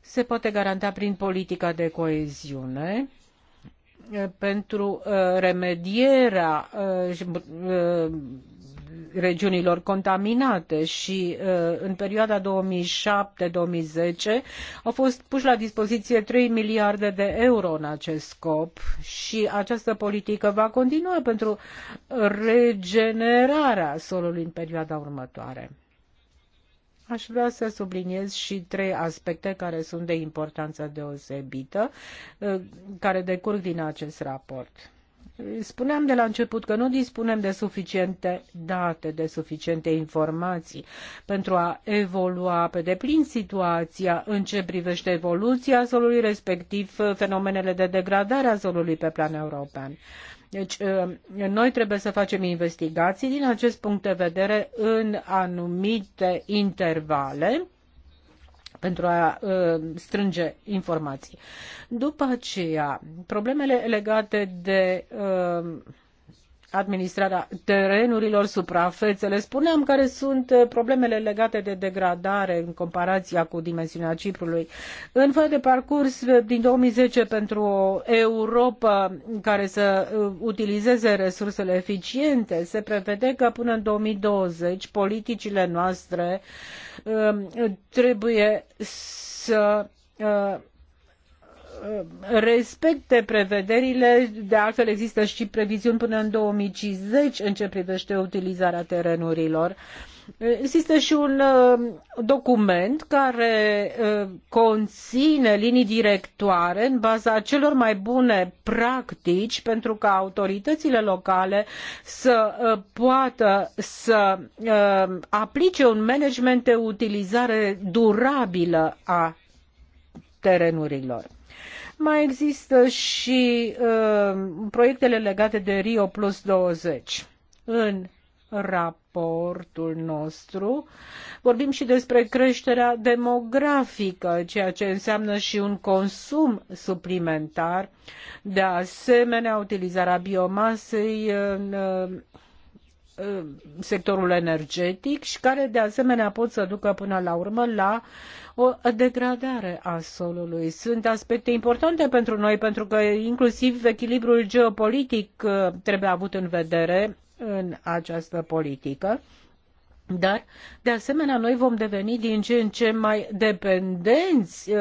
[SPEAKER 1] se poate garanta prin politica de coeziune uh, pentru uh, remedierea regiunilor contaminate și uh, în perioada 2007-2010 au fost puși la dispoziție 3 miliarde de euro în acest scop și această politică va continua pentru regenerarea solului în perioada următoare. Aș vrea să subliniez și trei aspecte care sunt de importanță deosebită, uh, care decurg din acest raport. Spuneam de la început că nu dispunem de suficiente date, de suficiente informații pentru a evolua pe deplin situația în ce privește evoluția solului, respectiv fenomenele de degradare a solului pe plan european. Deci, ă, noi trebuie să facem investigații din acest punct de vedere în anumite intervale pentru a ă, strânge informații. După aceea, problemele legate de ă, administrarea terenurilor, suprafețele. Spuneam care sunt uh, problemele legate de degradare în comparația cu dimensiunea Ciprului. În fel de parcurs uh, din 2010 pentru o Europa care să uh, utilizeze resursele eficiente, se prevede că până în 2020 politicile noastre trebuie să respecte prevederile, de altfel există și previziuni până în 2050 în ce privește utilizarea terenurilor. Există și un uh, document care uh, conține linii directoare în baza celor mai bune practici pentru ca autoritățile locale să uh, poată să aplice un management de utilizare durabilă a terenurilor. Mai există și uh, proiectele legate de Rio Plus 20. În raportul nostru. Vorbim și despre creșterea demografică, ceea ce înseamnă și un consum suplimentar. De asemenea, utilizarea biomasei în uh, uh, sectorul energetic și care de asemenea pot să ducă până la urmă la o degradare a solului. Sunt aspecte importante pentru noi, pentru că inclusiv echilibrul geopolitic uh, trebuie avut în vedere în această politică. Dar, de asemenea, noi vom deveni din ce în ce mai dependenți uh,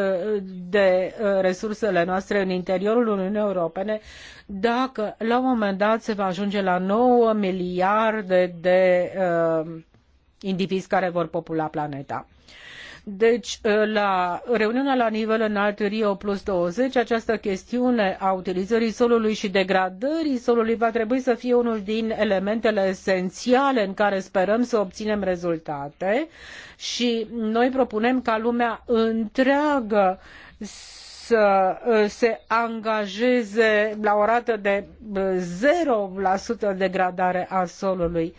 [SPEAKER 1] de uh, resursele noastre în interiorul Uniunii Europene dacă, la un moment dat, se va ajunge la 9 miliarde de uh, indivizi care vor popula planeta. Deci, ă, la reuniunea la nivel înalt Rio plus 20, această chestiune a utilizării solului și degradării solului va trebui să fie unul din elementele esențiale în care sperăm să obținem rezultate și noi propunem ca lumea întreagă să să uh, se angajeze la o rată de 0% uh, degradare a solului.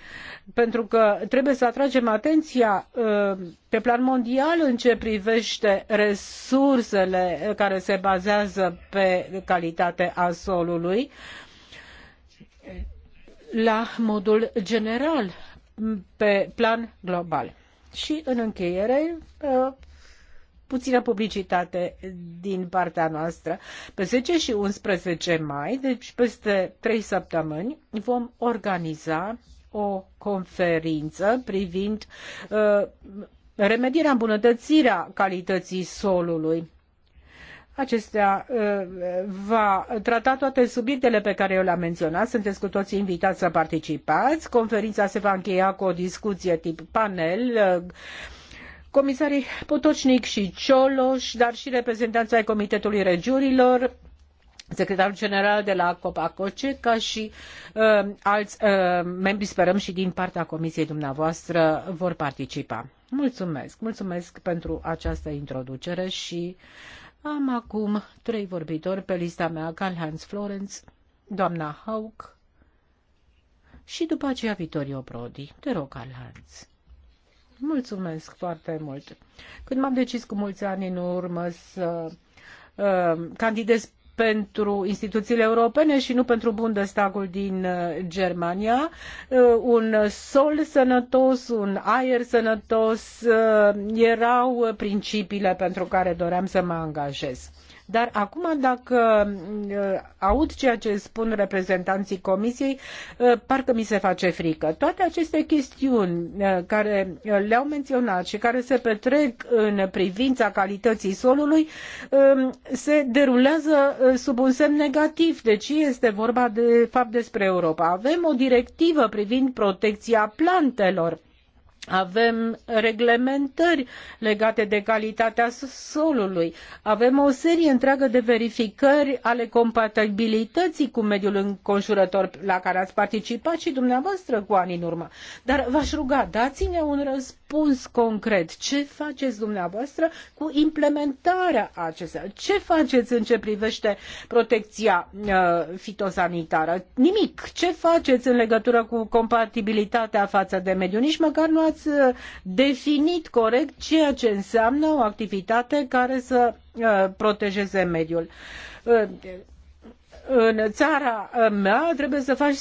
[SPEAKER 1] Pentru că trebuie să atragem atenția uh, pe plan mondial în ce privește resursele care se bazează pe calitatea solului la modul general pe plan global. Și în încheiere puțină publicitate din partea noastră. Pe 10 și 11 mai, deci peste 3 săptămâni, vom organiza o conferință privind uh, remedierea, îmbunătățirea calității solului. Acestea uh, va trata toate subiectele pe care eu le-am menționat. Sunteți cu toții invitați să participați. Conferința se va încheia cu o discuție tip panel. Uh, comisarii Potocnic și Cioloș, dar și reprezentanța ai Comitetului Regiunilor, secretarul general de la Copacoce, ca și uh, alți uh, membri, sperăm și din partea comisiei dumneavoastră, vor participa. Mulțumesc, mulțumesc pentru această introducere și am acum trei vorbitori pe lista mea, Karl-Heinz Florenz, doamna Hauk și după aceea Vittorio Prodi. Te rog, Karl-Heinz. Mulțumesc foarte mult. Când m-am decis cu mulți ani în urmă să uh, candidez pentru instituțiile europene și nu pentru Bundestagul din uh, Germania. Uh, un sol sănătos, un aer sănătos uh, erau principiile pentru care doream să mă angajez. Dar acum, dacă mm, uh, aud ceea ce spun reprezentanții Comisiei, uh, parcă mi se face frică. Toate aceste chestiuni uh, care le-au menționat și care se petrec în privința calității solului um, se derulează sub un semn negativ. Deci este vorba de fapt despre Europa. Avem o directivă privind protecția plantelor avem reglementări legate de calitatea solului, avem o serie întreagă de verificări ale compatibilității cu mediul înconjurător la care ați participat și dumneavoastră cu ani în urmă. Dar v-aș ruga, dați-ne un răspuns concret. Ce faceți dumneavoastră cu implementarea acestea? Ce faceți în ce privește protecția uh, fitosanitară? Nimic. Ce faceți în legătură cu compatibilitatea față de mediu? Nici măcar nu ați uh, definit corect ceea ce înseamnă o activitate care să uh, protejeze mediul uh, în țara mea trebuie să faci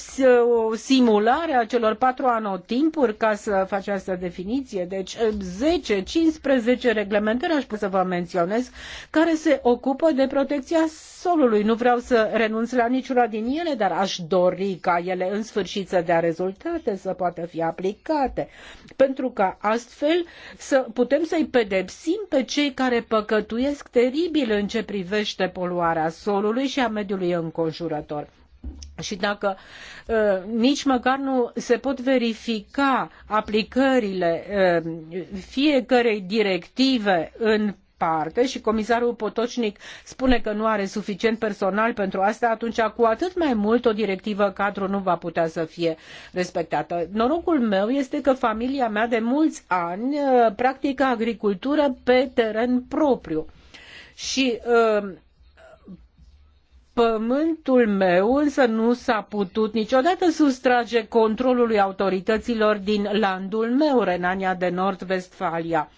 [SPEAKER 1] o simulare a celor patru anotimpuri ca să faci această definiție. Deci 10-15 reglementări aș putea să vă menționez care se ocupă de protecția solului. Nu vreau să renunț la niciuna din ele, dar aș dori ca ele în sfârșit să dea rezultate, să poată fi aplicate. Pentru ca astfel să putem să-i pedepsim pe cei care păcătuiesc teribil în ce privește poluarea solului și a mediului în înconjurător. Și dacă uh, nici măcar nu se pot verifica aplicările uh, fiecărei directive în parte și comisarul Potocnic spune că nu are suficient personal pentru asta, atunci cu atât mai mult o directivă cadru nu va putea să fie respectată. Norocul meu este că familia mea de mulți ani uh, practică agricultură pe teren propriu. Și uh, pământul meu însă nu s-a putut niciodată sustrage controlului autorităților din landul meu, Renania de Nord-Vestfalia.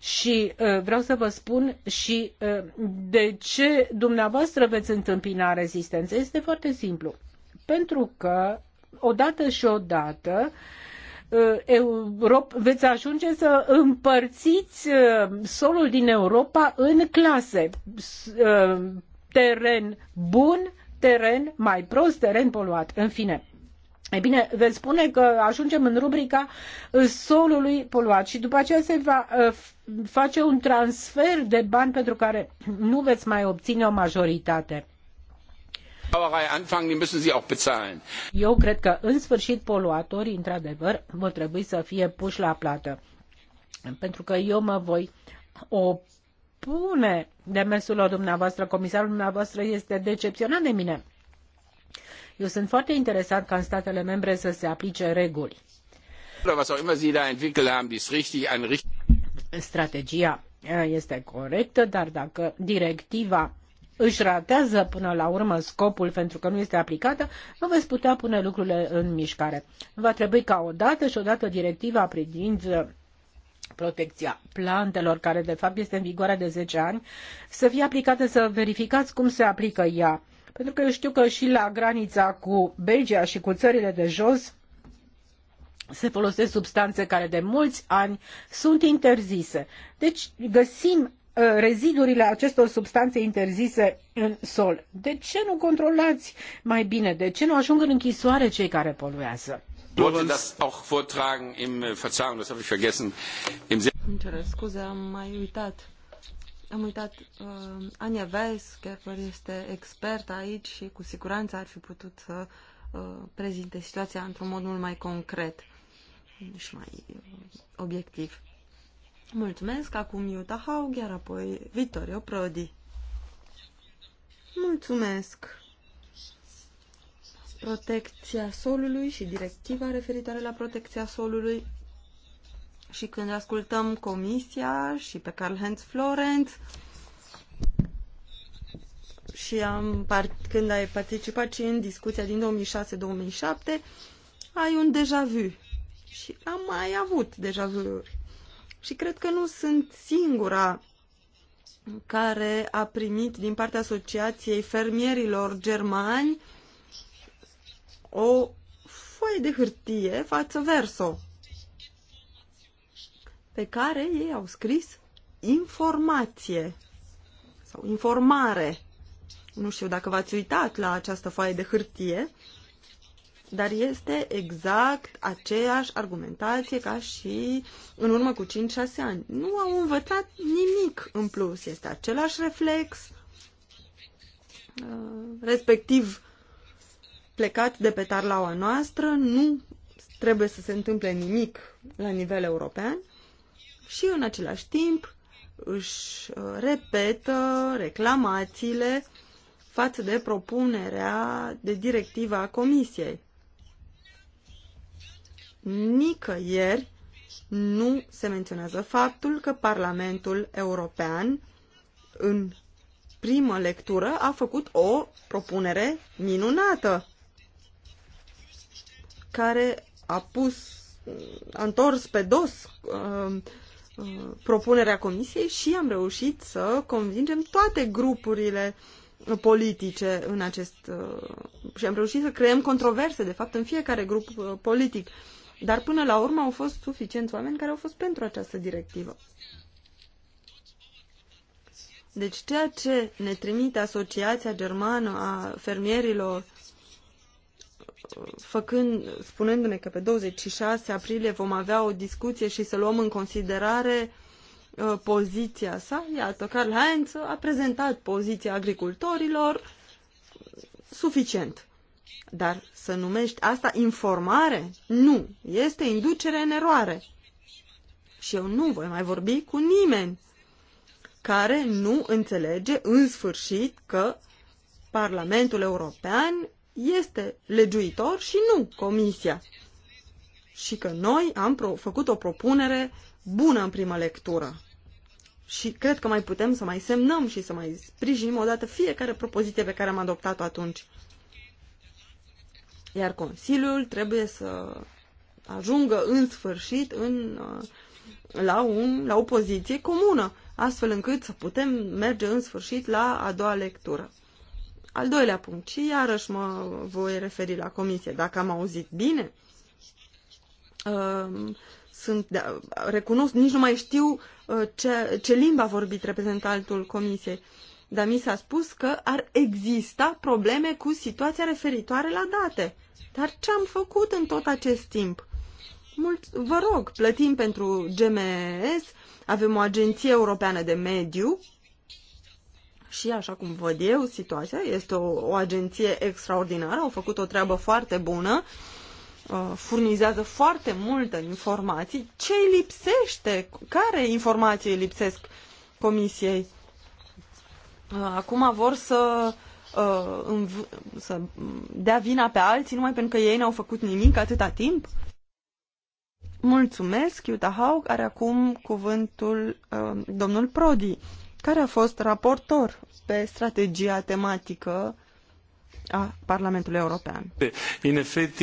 [SPEAKER 1] Și uh, vreau să vă spun și uh, de ce dumneavoastră veți întâmpina rezistență. Este foarte simplu. Pentru că odată și odată uh, Europa, veți ajunge să împărțiți solul din Europa în clase teren bun, teren mai prost, teren poluat. În fine, E bine, veți spune că ajungem în rubrica uh, solului poluat și după aceea se va uh, face un transfer de bani pentru care nu veți mai obține o majoritate. Eu cred că în sfârșit poluatorii, într-adevăr, vor trebui să fie puși la plată. Pentru că eu mă voi opri opune demersurilor dumneavoastră. Comisarul dumneavoastră este decepționat de mine. Eu sunt foarte interesat ca în statele membre să se aplice reguli. Da Strategia eh, este corectă, dar dacă directiva își ratează până la urmă scopul pentru că nu este aplicată, nu veți putea pune lucrurile în mișcare. Va trebui ca odată și odată directiva privind eh, protecția plantelor, care de fapt este în vigoare de 10 ani, să fie aplicată, să verificați cum se aplică ea. Pentru că eu știu că și la granița cu Belgia și cu țările de jos se folosesc substanțe care de mulți ani sunt interzise. Deci găsim uh, rezidurile acestor substanțe interzise în sol. De ce nu controlați mai bine? De ce nu ajung în închisoare cei care poluează?
[SPEAKER 3] wollte das auch vortragen im,
[SPEAKER 1] äh, Verzeihung, das habe ich vergessen, im...
[SPEAKER 2] scuze, am mai uitat. Am uitat, uh, Ania Weisger este expert aici și cu siguranță ar fi putut să uh, prezinte situația într-un mod mult mai concret și mai uh, obiectiv. Mulțumesc, acum Iuta Haug, iar apoi Vittorio Prodi. Mulțumesc! protecția solului și directiva referitoare la protecția solului. Și când ascultăm Comisia și pe Carl Hans Florenz, și am, când ai participat și în discuția din 2006-2007, ai un deja vu. Și am mai avut deja vu Și cred că nu sunt singura care a primit din partea Asociației Fermierilor Germani o foaie de hârtie față verso pe care ei au scris informație sau informare. Nu știu dacă v-ați uitat la această foaie de hârtie, dar este exact aceeași argumentație ca și în urmă cu 5-6 ani. Nu au învățat nimic în plus. Este același reflex, uh, respectiv plecat de pe tarlaua noastră, nu trebuie să se întâmple nimic la nivel european și în același timp își uh, repetă reclamațiile față de propunerea de directiva a Comisiei. Nicăieri nu se menționează faptul că Parlamentul European în primă lectură a făcut o propunere minunată care a pus, a întors pe dos uh, uh, propunerea comisiei și am reușit să convingem toate grupurile politice în acest... Uh, și am reușit să creăm controverse, de fapt, în fiecare grup uh, politic. Dar până la urmă au fost suficienți oameni care au fost pentru această directivă. Deci ceea ce ne trimite Asociația Germană a Fermierilor făcând, spunându-ne că pe 26 aprilie vom avea o discuție și să luăm în considerare uh, poziția sa, iată, Karl Heinz a prezentat poziția agricultorilor suficient. Dar să numești asta informare? Nu, este inducere în eroare. Și eu nu voi mai vorbi cu nimeni care nu înțelege în sfârșit că Parlamentul European este legiuitor și nu Comisia. Și că noi am făcut o propunere bună în prima lectură. Și cred că mai putem să mai semnăm și să mai sprijinim odată fiecare propoziție pe care am adoptat-o atunci. Iar Consiliul trebuie să ajungă în sfârșit în, uh, la, un, la o poziție comună, astfel încât să putem merge în sfârșit la a doua lectură. Al doilea punct, și iarăși mă voi referi la comisie, dacă am auzit bine, sunt, recunosc, nici nu mai știu uh, ce, ce limba a vorbit reprezentantul comisiei, dar mi s-a spus că ar exista probleme cu situația referitoare la date. Dar ce am făcut în tot acest timp? Mulți, vă rog, plătim pentru GMS, avem o agenție europeană de mediu, și, așa cum văd eu, situația este o, o agenție extraordinară, au făcut o treabă foarte bună, uh, furnizează foarte multe informații. Ce îi lipsește? Care informații îi lipsesc comisiei? Uh, acum vor să, uh, să dea vina pe alții numai pentru că ei n-au făcut nimic atâta timp? Mulțumesc, Iuta Haug are acum cuvântul uh, domnul Prodi care a fost raportor pe strategia tematică a Parlamentului European. În efect,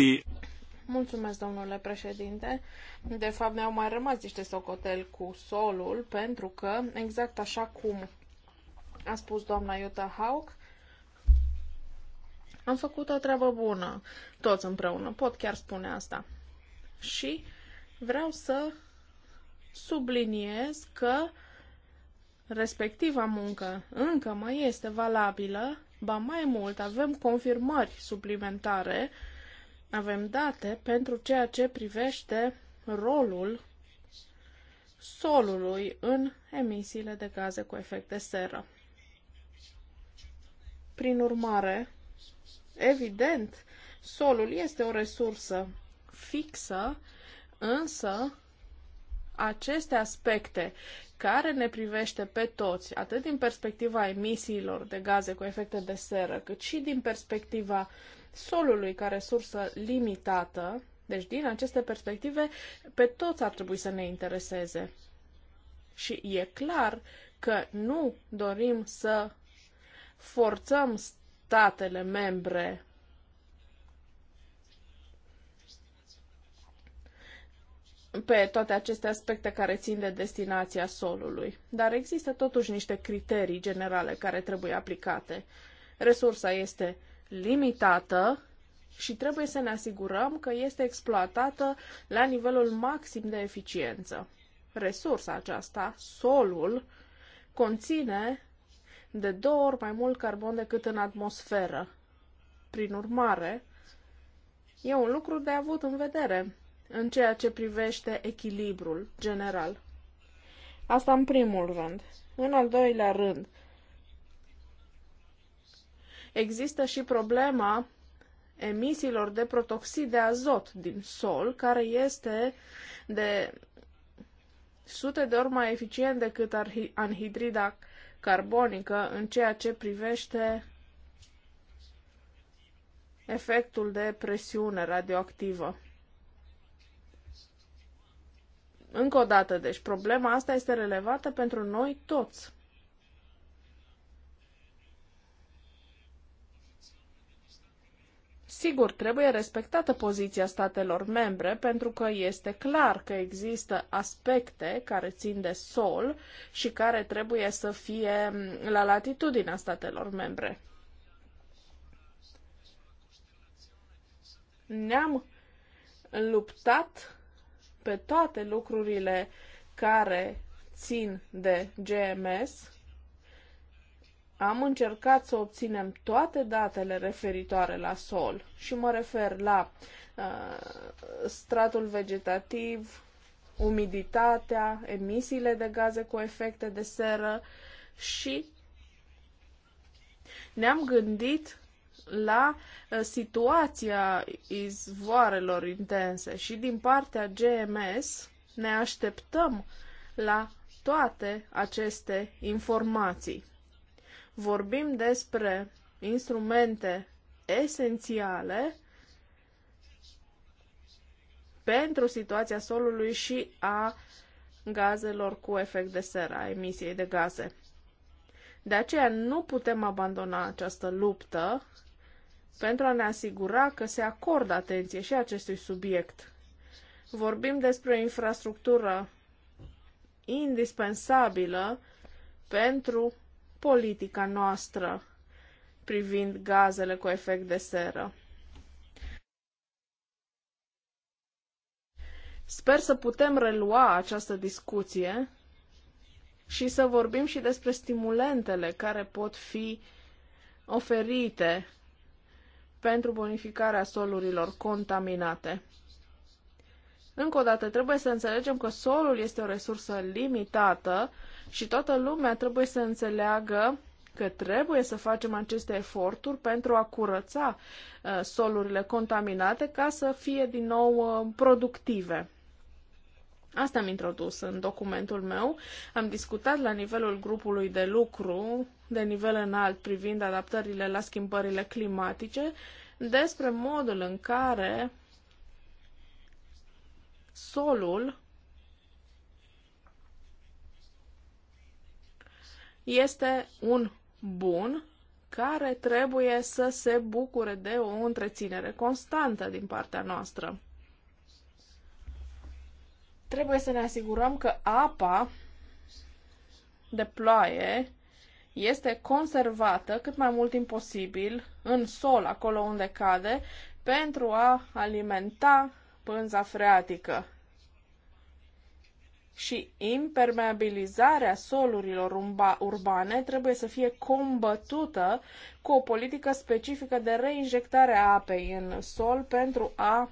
[SPEAKER 3] Mulțumesc, domnule președinte. De fapt, ne-au mai rămas niște socoteli cu solul, pentru că, exact așa cum a spus doamna Iuta Hauk, am făcut o treabă bună, toți împreună, pot chiar spune asta. Și vreau să subliniez că uh, respectiva muncă încă mai este valabilă, ba mai mult, avem confirmări suplimentare, avem date pentru ceea ce privește rolul solului în emisiile de gaze cu efect de seră. Prin urmare, evident, solul este o resursă fixă, însă aceste aspecte care ne privește pe toți, atât din perspectiva emisiilor de gaze cu efecte de seră, cât și din perspectiva solului ca resursă limitată, deci din aceste perspective, pe toți ar trebui să ne intereseze. Și e clar că nu dorim să forțăm statele membre pe toate aceste aspecte care țin de destinația solului. Dar există totuși niște criterii generale care trebuie aplicate. Resursa este limitată și trebuie să ne asigurăm că este exploatată la nivelul maxim de eficiență. Resursa aceasta, solul, conține de două ori mai mult carbon decât în atmosferă. Prin urmare, e un lucru de avut în vedere în ceea ce privește echilibrul general. Asta în primul rând. În al doilea rând, există și problema emisiilor de protoxid de azot din sol, care este de sute de ori mai eficient decât anhidrida carbonică în ceea ce privește efectul de presiune radioactivă. Încă o dată, deci problema asta este relevată pentru noi toți. Sigur, trebuie respectată poziția statelor membre, pentru că este clar că există aspecte care țin de sol și care trebuie să fie la latitudinea statelor membre. Ne-am luptat pe toate lucrurile care țin de GMS. Am încercat să obținem toate datele referitoare la sol și mă refer la uh, stratul vegetativ, umiditatea, emisiile de gaze cu efecte de seră și ne-am gândit la uh, situația izvoarelor intense și din partea GMS ne așteptăm la toate aceste informații. Vorbim despre instrumente esențiale pentru situația solului și a gazelor cu efect de seră, a emisiei de gaze. De aceea nu putem abandona această luptă pentru a ne asigura că se acordă atenție și acestui subiect. Vorbim despre o infrastructură indispensabilă pentru politica noastră privind gazele cu efect de seră. Sper să putem relua această discuție și să vorbim și despre stimulentele care pot fi oferite pentru bonificarea solurilor contaminate. Încă o dată, trebuie să înțelegem că solul este o resursă limitată și toată lumea trebuie să înțeleagă că trebuie să facem aceste eforturi pentru a curăța uh, solurile contaminate ca să fie din nou uh, productive. Asta am introdus în documentul meu. Am discutat la nivelul grupului de lucru, de nivel înalt, privind adaptările la schimbările climatice, despre modul în care solul este un bun care trebuie să se bucure de o întreținere constantă din partea noastră. Trebuie să ne asigurăm că apa de ploaie este conservată cât mai mult timp posibil în sol, acolo unde cade, pentru a alimenta pânza freatică. Și impermeabilizarea solurilor urbane trebuie să fie combătută cu o politică specifică de reinjectare a apei în sol pentru a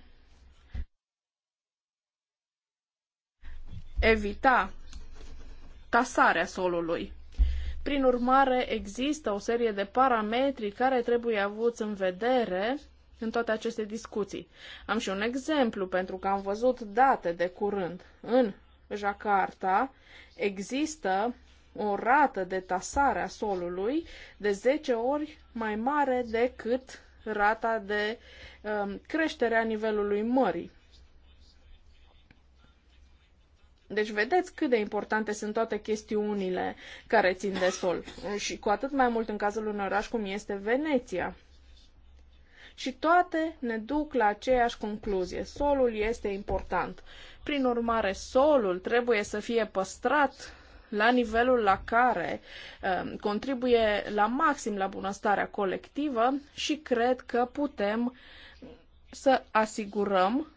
[SPEAKER 3] evita tasarea solului. Prin urmare, există o serie de parametri care trebuie avuți în vedere în toate aceste discuții. Am și un exemplu, pentru că am văzut date de curând. În Jakarta există o rată de tasare a solului de 10 ori mai mare decât rata de um, creștere a nivelului mării. Deci vedeți cât de importante sunt toate chestiunile care țin de sol și cu atât mai mult în cazul unui oraș cum este Veneția. Și toate ne duc la aceeași concluzie. Solul este important. Prin urmare, solul trebuie să fie păstrat la nivelul la care um, contribuie la maxim la bunăstarea colectivă și cred că putem să asigurăm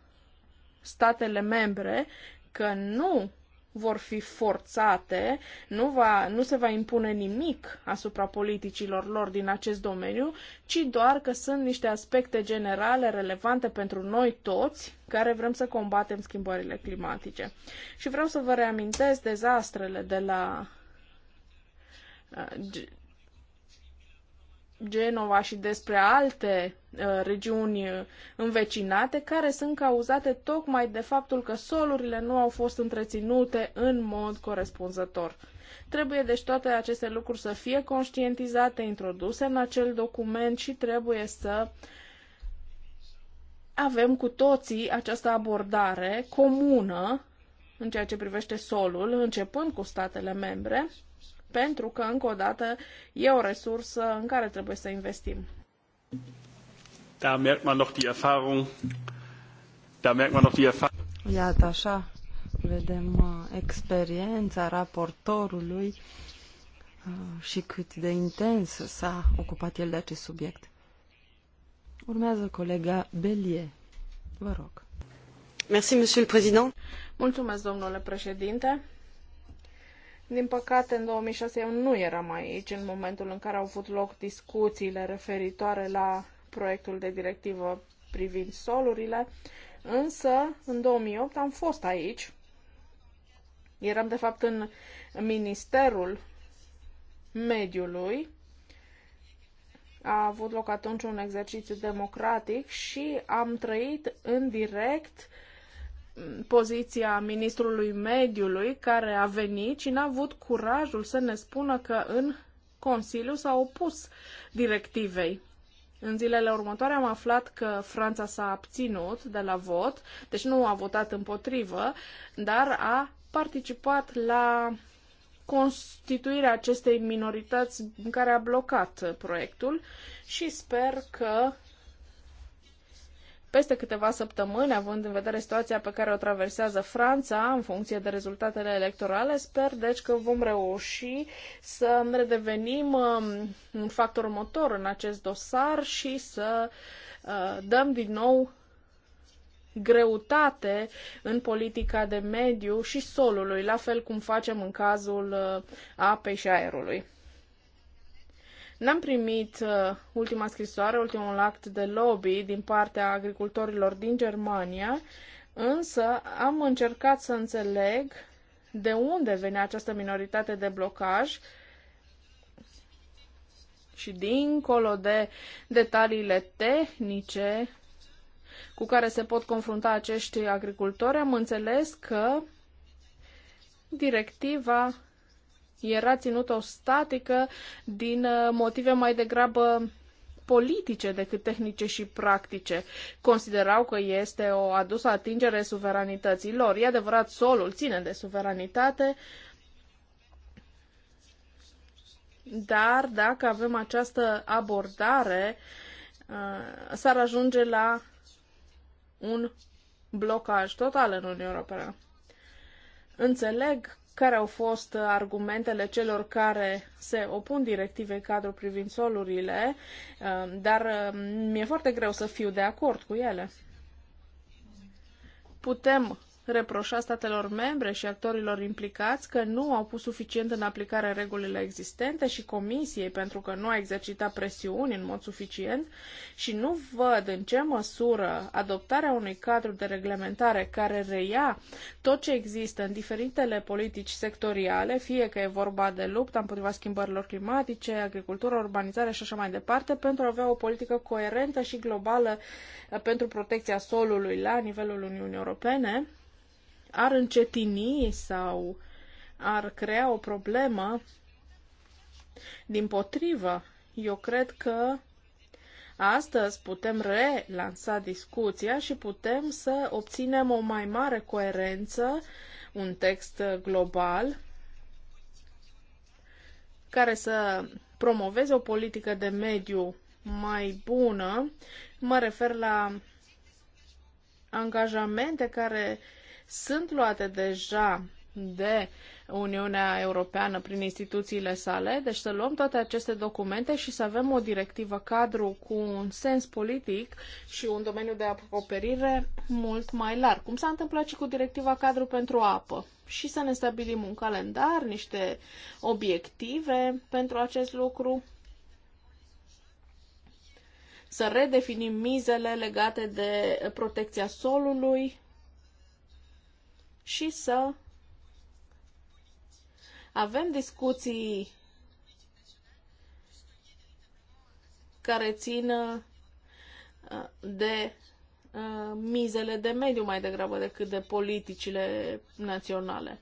[SPEAKER 3] statele membre că nu vor fi forțate, nu, va, nu se va impune nimic asupra politicilor lor din acest domeniu, ci doar că sunt niște aspecte generale relevante pentru noi toți care vrem să combatem schimbările climatice. Și vreau să vă reamintesc dezastrele de la uh, Genova și despre alte uh, regiuni învecinate care sunt cauzate tocmai de faptul că solurile nu au fost întreținute în mod corespunzător. Trebuie deci toate aceste lucruri să fie conștientizate, introduse în acel document și trebuie să avem cu toții această abordare comună în ceea ce privește solul, începând cu statele membre, pentru că, încă o dată, e o resursă în care trebuie să investim.
[SPEAKER 1] Da merkt man noch die Erfahrung. Da merkt man noch die Erfahrung.
[SPEAKER 3] Iată așa,
[SPEAKER 2] vedem uh, experiența raportorului uh, și cât de intens s-a ocupat el de acest subiect. Urmează colega Belie. Vă rog. Merci,
[SPEAKER 3] Mulțumesc, domnule președinte. Din păcate, în 2006 eu nu eram aici în momentul în care au avut loc discuțiile referitoare la proiectul de directivă privind solurile, însă în 2008 am fost aici. Eram, de fapt, în Ministerul Mediului. A avut loc atunci un exercițiu democratic și am trăit în direct poziția ministrului mediului care a venit și n-a avut curajul să ne spună că în Consiliu s-a opus directivei. În zilele următoare am aflat că Franța s-a abținut de la vot, deci nu a votat împotrivă, dar a participat la constituirea acestei minorități în care a blocat proiectul și sper că peste câteva săptămâni, având în vedere situația pe care o traversează Franța în funcție de rezultatele electorale, sper deci că vom reuși să redevenim um, un factor motor în acest dosar și să uh, dăm din nou greutate în politica de mediu și solului, la fel cum facem în cazul uh, apei și aerului. N-am primit uh, ultima scrisoare, ultimul act de lobby din partea agricultorilor din Germania, însă am încercat să înțeleg de unde venea această minoritate de blocaj și dincolo de detaliile tehnice cu care se pot confrunta acești agricultori, am înțeles că directiva era ținută o statică din uh, motive mai degrabă politice decât tehnice și practice. Considerau că este o adusă atingere suveranității lor. E adevărat, solul ține de suveranitate, dar dacă avem această abordare, uh, s-ar ajunge la un blocaj total în Uniunea Europeană. Înțeleg care au fost argumentele celor care se opun directivei cadru privind solurile, um, dar um, mi-e foarte greu să fiu de acord cu ele. Putem reproșa statelor membre și actorilor implicați că nu au pus suficient în aplicare regulile existente și Comisiei pentru că nu a exercitat presiuni în mod suficient și nu văd în ce măsură adoptarea unui cadru de reglementare care reia tot ce există în diferitele politici sectoriale, fie că e vorba de lupta împotriva schimbărilor climatice, agricultură, urbanizare și așa mai departe, pentru a avea o politică coerentă și globală uh, pentru protecția solului la nivelul Uniunii Europene, ar încetini sau ar crea o problemă. Din potrivă, eu cred că astăzi putem relansa discuția și putem să obținem o mai mare coerență, un text global care să promoveze o politică de mediu mai bună. Mă refer la angajamente care sunt luate deja de Uniunea Europeană prin instituțiile sale, deci să luăm toate aceste documente și să avem o directivă cadru cu un sens politic și un domeniu de acoperire mult mai larg, cum s-a întâmplat și cu directiva cadru pentru apă și să ne stabilim un calendar, niște obiective pentru acest lucru, să redefinim mizele legate de protecția solului, și să avem discuții care țin uh, de uh, mizele de mediu mai degrabă decât de politicile naționale.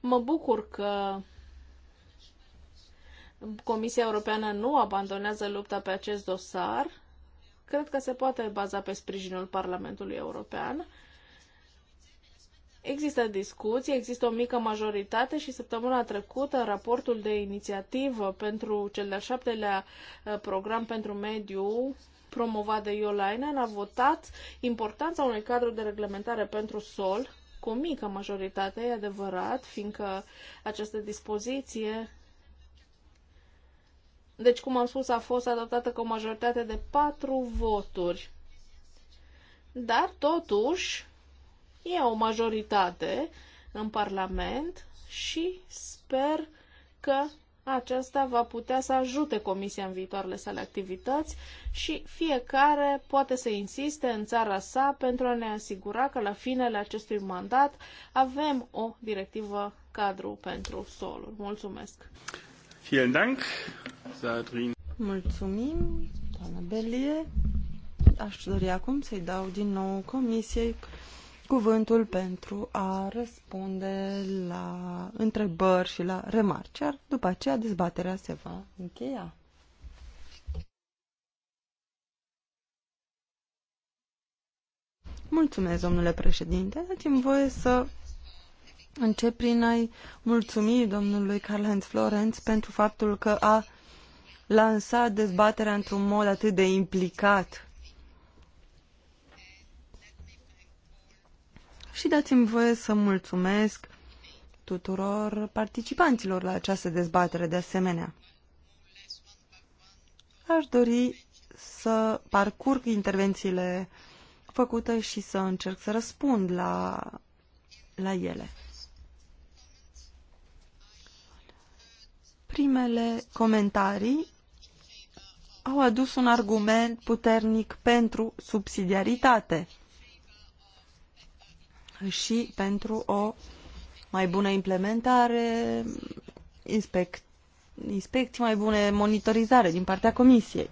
[SPEAKER 3] Mă bucur că Comisia Europeană nu abandonează lupta pe acest dosar. Cred că se poate baza pe sprijinul Parlamentului European Există discuții, există o mică majoritate și săptămâna trecută raportul de inițiativă pentru cel de-al șaptelea uh, program pentru mediu promovat de Iolainen a votat importanța unui cadru de reglementare pentru sol cu o mică majoritate, e adevărat, fiindcă această dispoziție deci, cum am spus, a fost adoptată cu o majoritate de patru voturi. Dar, totuși, e o majoritate în Parlament și sper că aceasta va putea să ajute Comisia în viitoarele sale activități și fiecare poate să insiste în țara sa pentru a ne asigura că la finele acestui mandat avem o directivă cadru pentru solul. Mulțumesc!
[SPEAKER 2] Vielen Dank, Sadrin. Mulțumim, doamna Belie. Aș dori acum să-i dau din nou Comisiei cuvântul pentru a răspunde la întrebări și la remarci, iar după aceea dezbaterea se va încheia. Mulțumesc, domnule președinte. Dați-mi voie să încep prin a-i mulțumi domnului carl heinz Florenz pentru faptul că a lansat dezbaterea într-un mod atât de implicat și dați-mi voie să mulțumesc tuturor participanților la această dezbatere de asemenea. Aș dori să parcurg intervențiile făcute și să încerc să răspund la, la ele. Primele comentarii au adus un argument puternic pentru subsidiaritate și pentru o mai bună implementare, inspect, inspecții mai bune, monitorizare din partea Comisiei.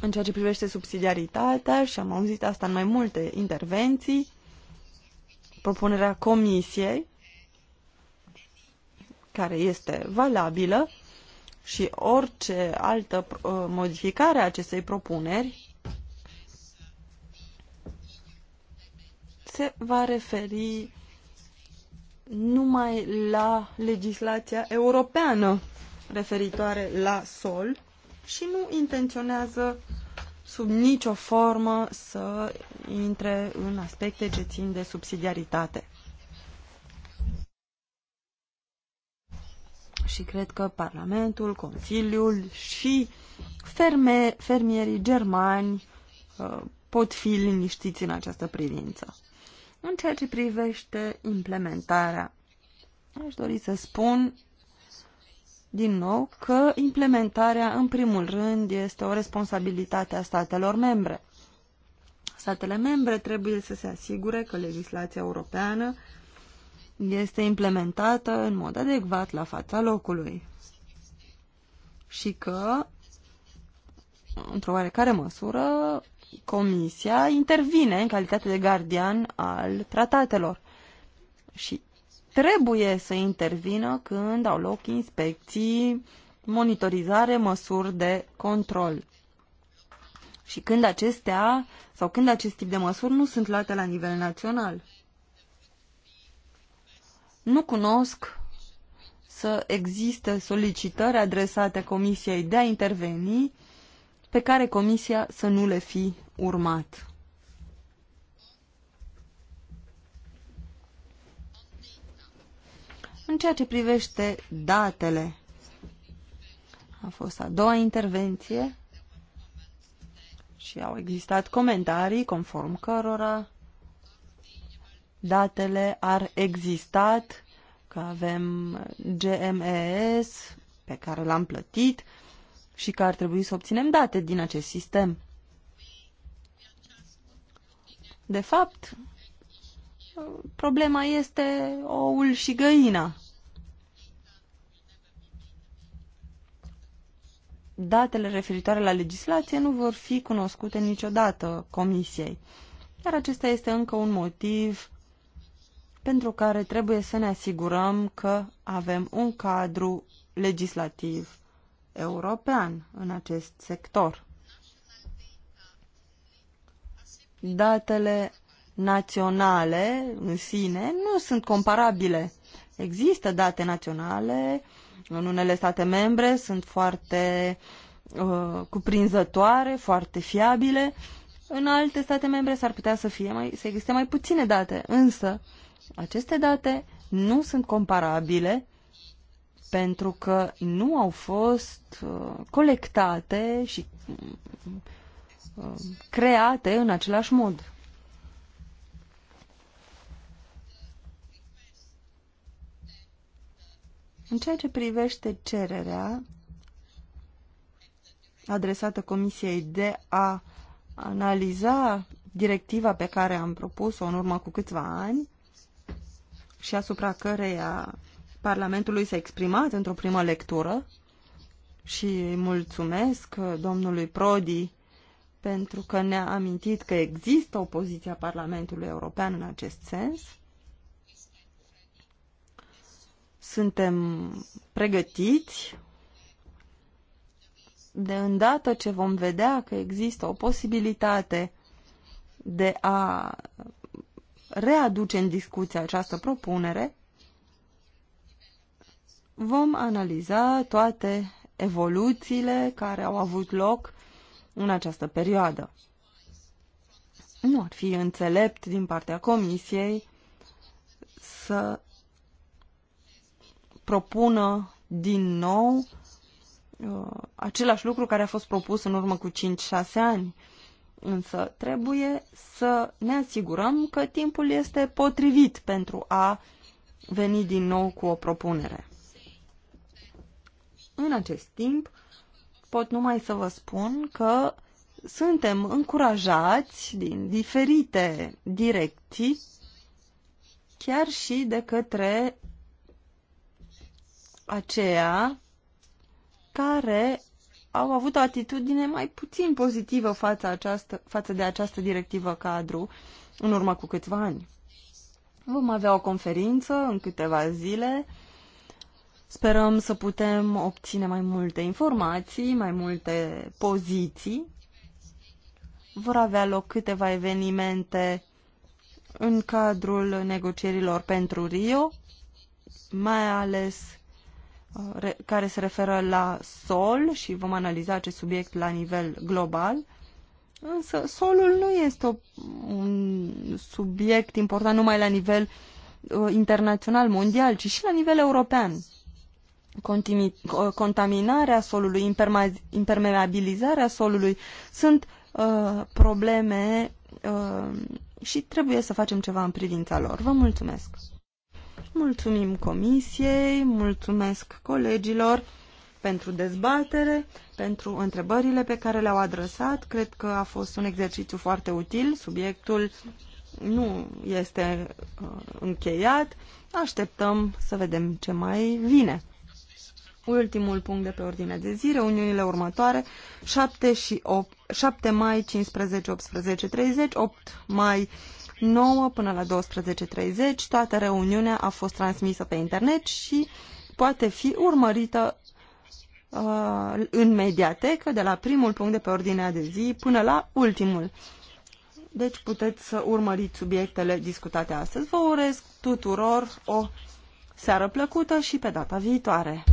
[SPEAKER 2] În ceea ce privește subsidiaritatea, și am auzit asta în mai multe intervenții, propunerea Comisiei, care este valabilă, și orice altă uh, modificare a acestei propuneri se va referi numai la legislația europeană referitoare la sol și nu intenționează sub nicio formă să intre în aspecte ce țin de subsidiaritate. Și cred că Parlamentul, Consiliul și ferme, fermierii germani uh, pot fi liniștiți în această privință. În ceea ce privește implementarea, aș dori să spun din nou că implementarea, în primul rând, este o responsabilitate a statelor membre. Statele membre trebuie să se asigure că legislația europeană este implementată în mod adecvat la fața locului și că, într-o oarecare măsură, Comisia intervine în calitate de gardian al tratatelor și trebuie să intervină când au loc inspecții, monitorizare, măsuri de control. Și când acestea sau când acest tip de măsuri nu sunt luate la nivel național. Nu cunosc să existe solicitări adresate Comisiei de a interveni pe care Comisia să nu le fi urmat. În ceea ce privește datele, a fost a doua intervenție și au existat comentarii conform cărora datele ar existat, că avem GMES pe care l-am plătit, și că ar trebui să obținem date din acest sistem. De fapt, problema este oul și găina. Datele referitoare la legislație nu vor fi cunoscute niciodată comisiei. Iar acesta este încă un motiv pentru care trebuie să ne asigurăm că avem un cadru legislativ european în acest sector. Datele naționale în sine nu sunt comparabile. Există date naționale, în unele state membre sunt foarte uh, cuprinzătoare, foarte fiabile, în alte state membre s-ar putea să, fie mai, să existe mai puține date, însă aceste date nu sunt comparabile pentru că nu au fost uh, colectate și uh, create în același mod. În ceea ce privește cererea adresată Comisiei de a analiza directiva pe care am propus-o în urmă cu câțiva ani și asupra căreia Parlamentului s-a exprimat într-o primă lectură și mulțumesc uh, domnului Prodi pentru că ne-a amintit că există o poziție a Parlamentului European în acest sens. Suntem pregătiți de îndată ce vom vedea că există o posibilitate de a readuce în discuție această propunere, vom analiza toate evoluțiile care au avut loc în această perioadă. Nu ar fi înțelept din partea Comisiei să propună din nou uh, același lucru care a fost propus în urmă cu 5-6 ani. Însă trebuie să ne asigurăm că timpul este potrivit pentru a veni din nou cu o propunere. În acest timp, pot numai să vă spun că suntem încurajați din diferite direcții, chiar și de către aceia care au avut o atitudine mai puțin pozitivă față, această, față de această directivă cadru în urmă cu câțiva ani. Vom avea o conferință în câteva zile Sperăm să putem obține mai multe informații, mai multe poziții. Vor avea loc câteva evenimente în cadrul negocierilor pentru Rio, mai ales uh, care se referă la sol și vom analiza acest subiect la nivel global. Însă solul nu este o, un subiect important numai la nivel uh, internațional, mondial, ci și la nivel european contaminarea solului, impermeabilizarea solului sunt uh, probleme uh, și trebuie să facem ceva în privința lor. Vă mulțumesc! Mulțumim comisiei, mulțumesc colegilor pentru dezbatere, pentru întrebările pe care le-au adresat. Cred că a fost un exercițiu foarte util. Subiectul nu este uh, încheiat. Așteptăm să vedem ce mai vine ultimul punct de pe ordinea de zi, reuniunile următoare, 7, și 8, 7 mai 15, 18, 30, 8 mai 9 până la 12.30. Toată reuniunea a fost transmisă pe internet și poate fi urmărită uh, în mediatecă de la primul punct de pe ordinea de zi până la ultimul. Deci puteți să urmăriți subiectele discutate astăzi. Vă urez tuturor o seară plăcută și pe data viitoare!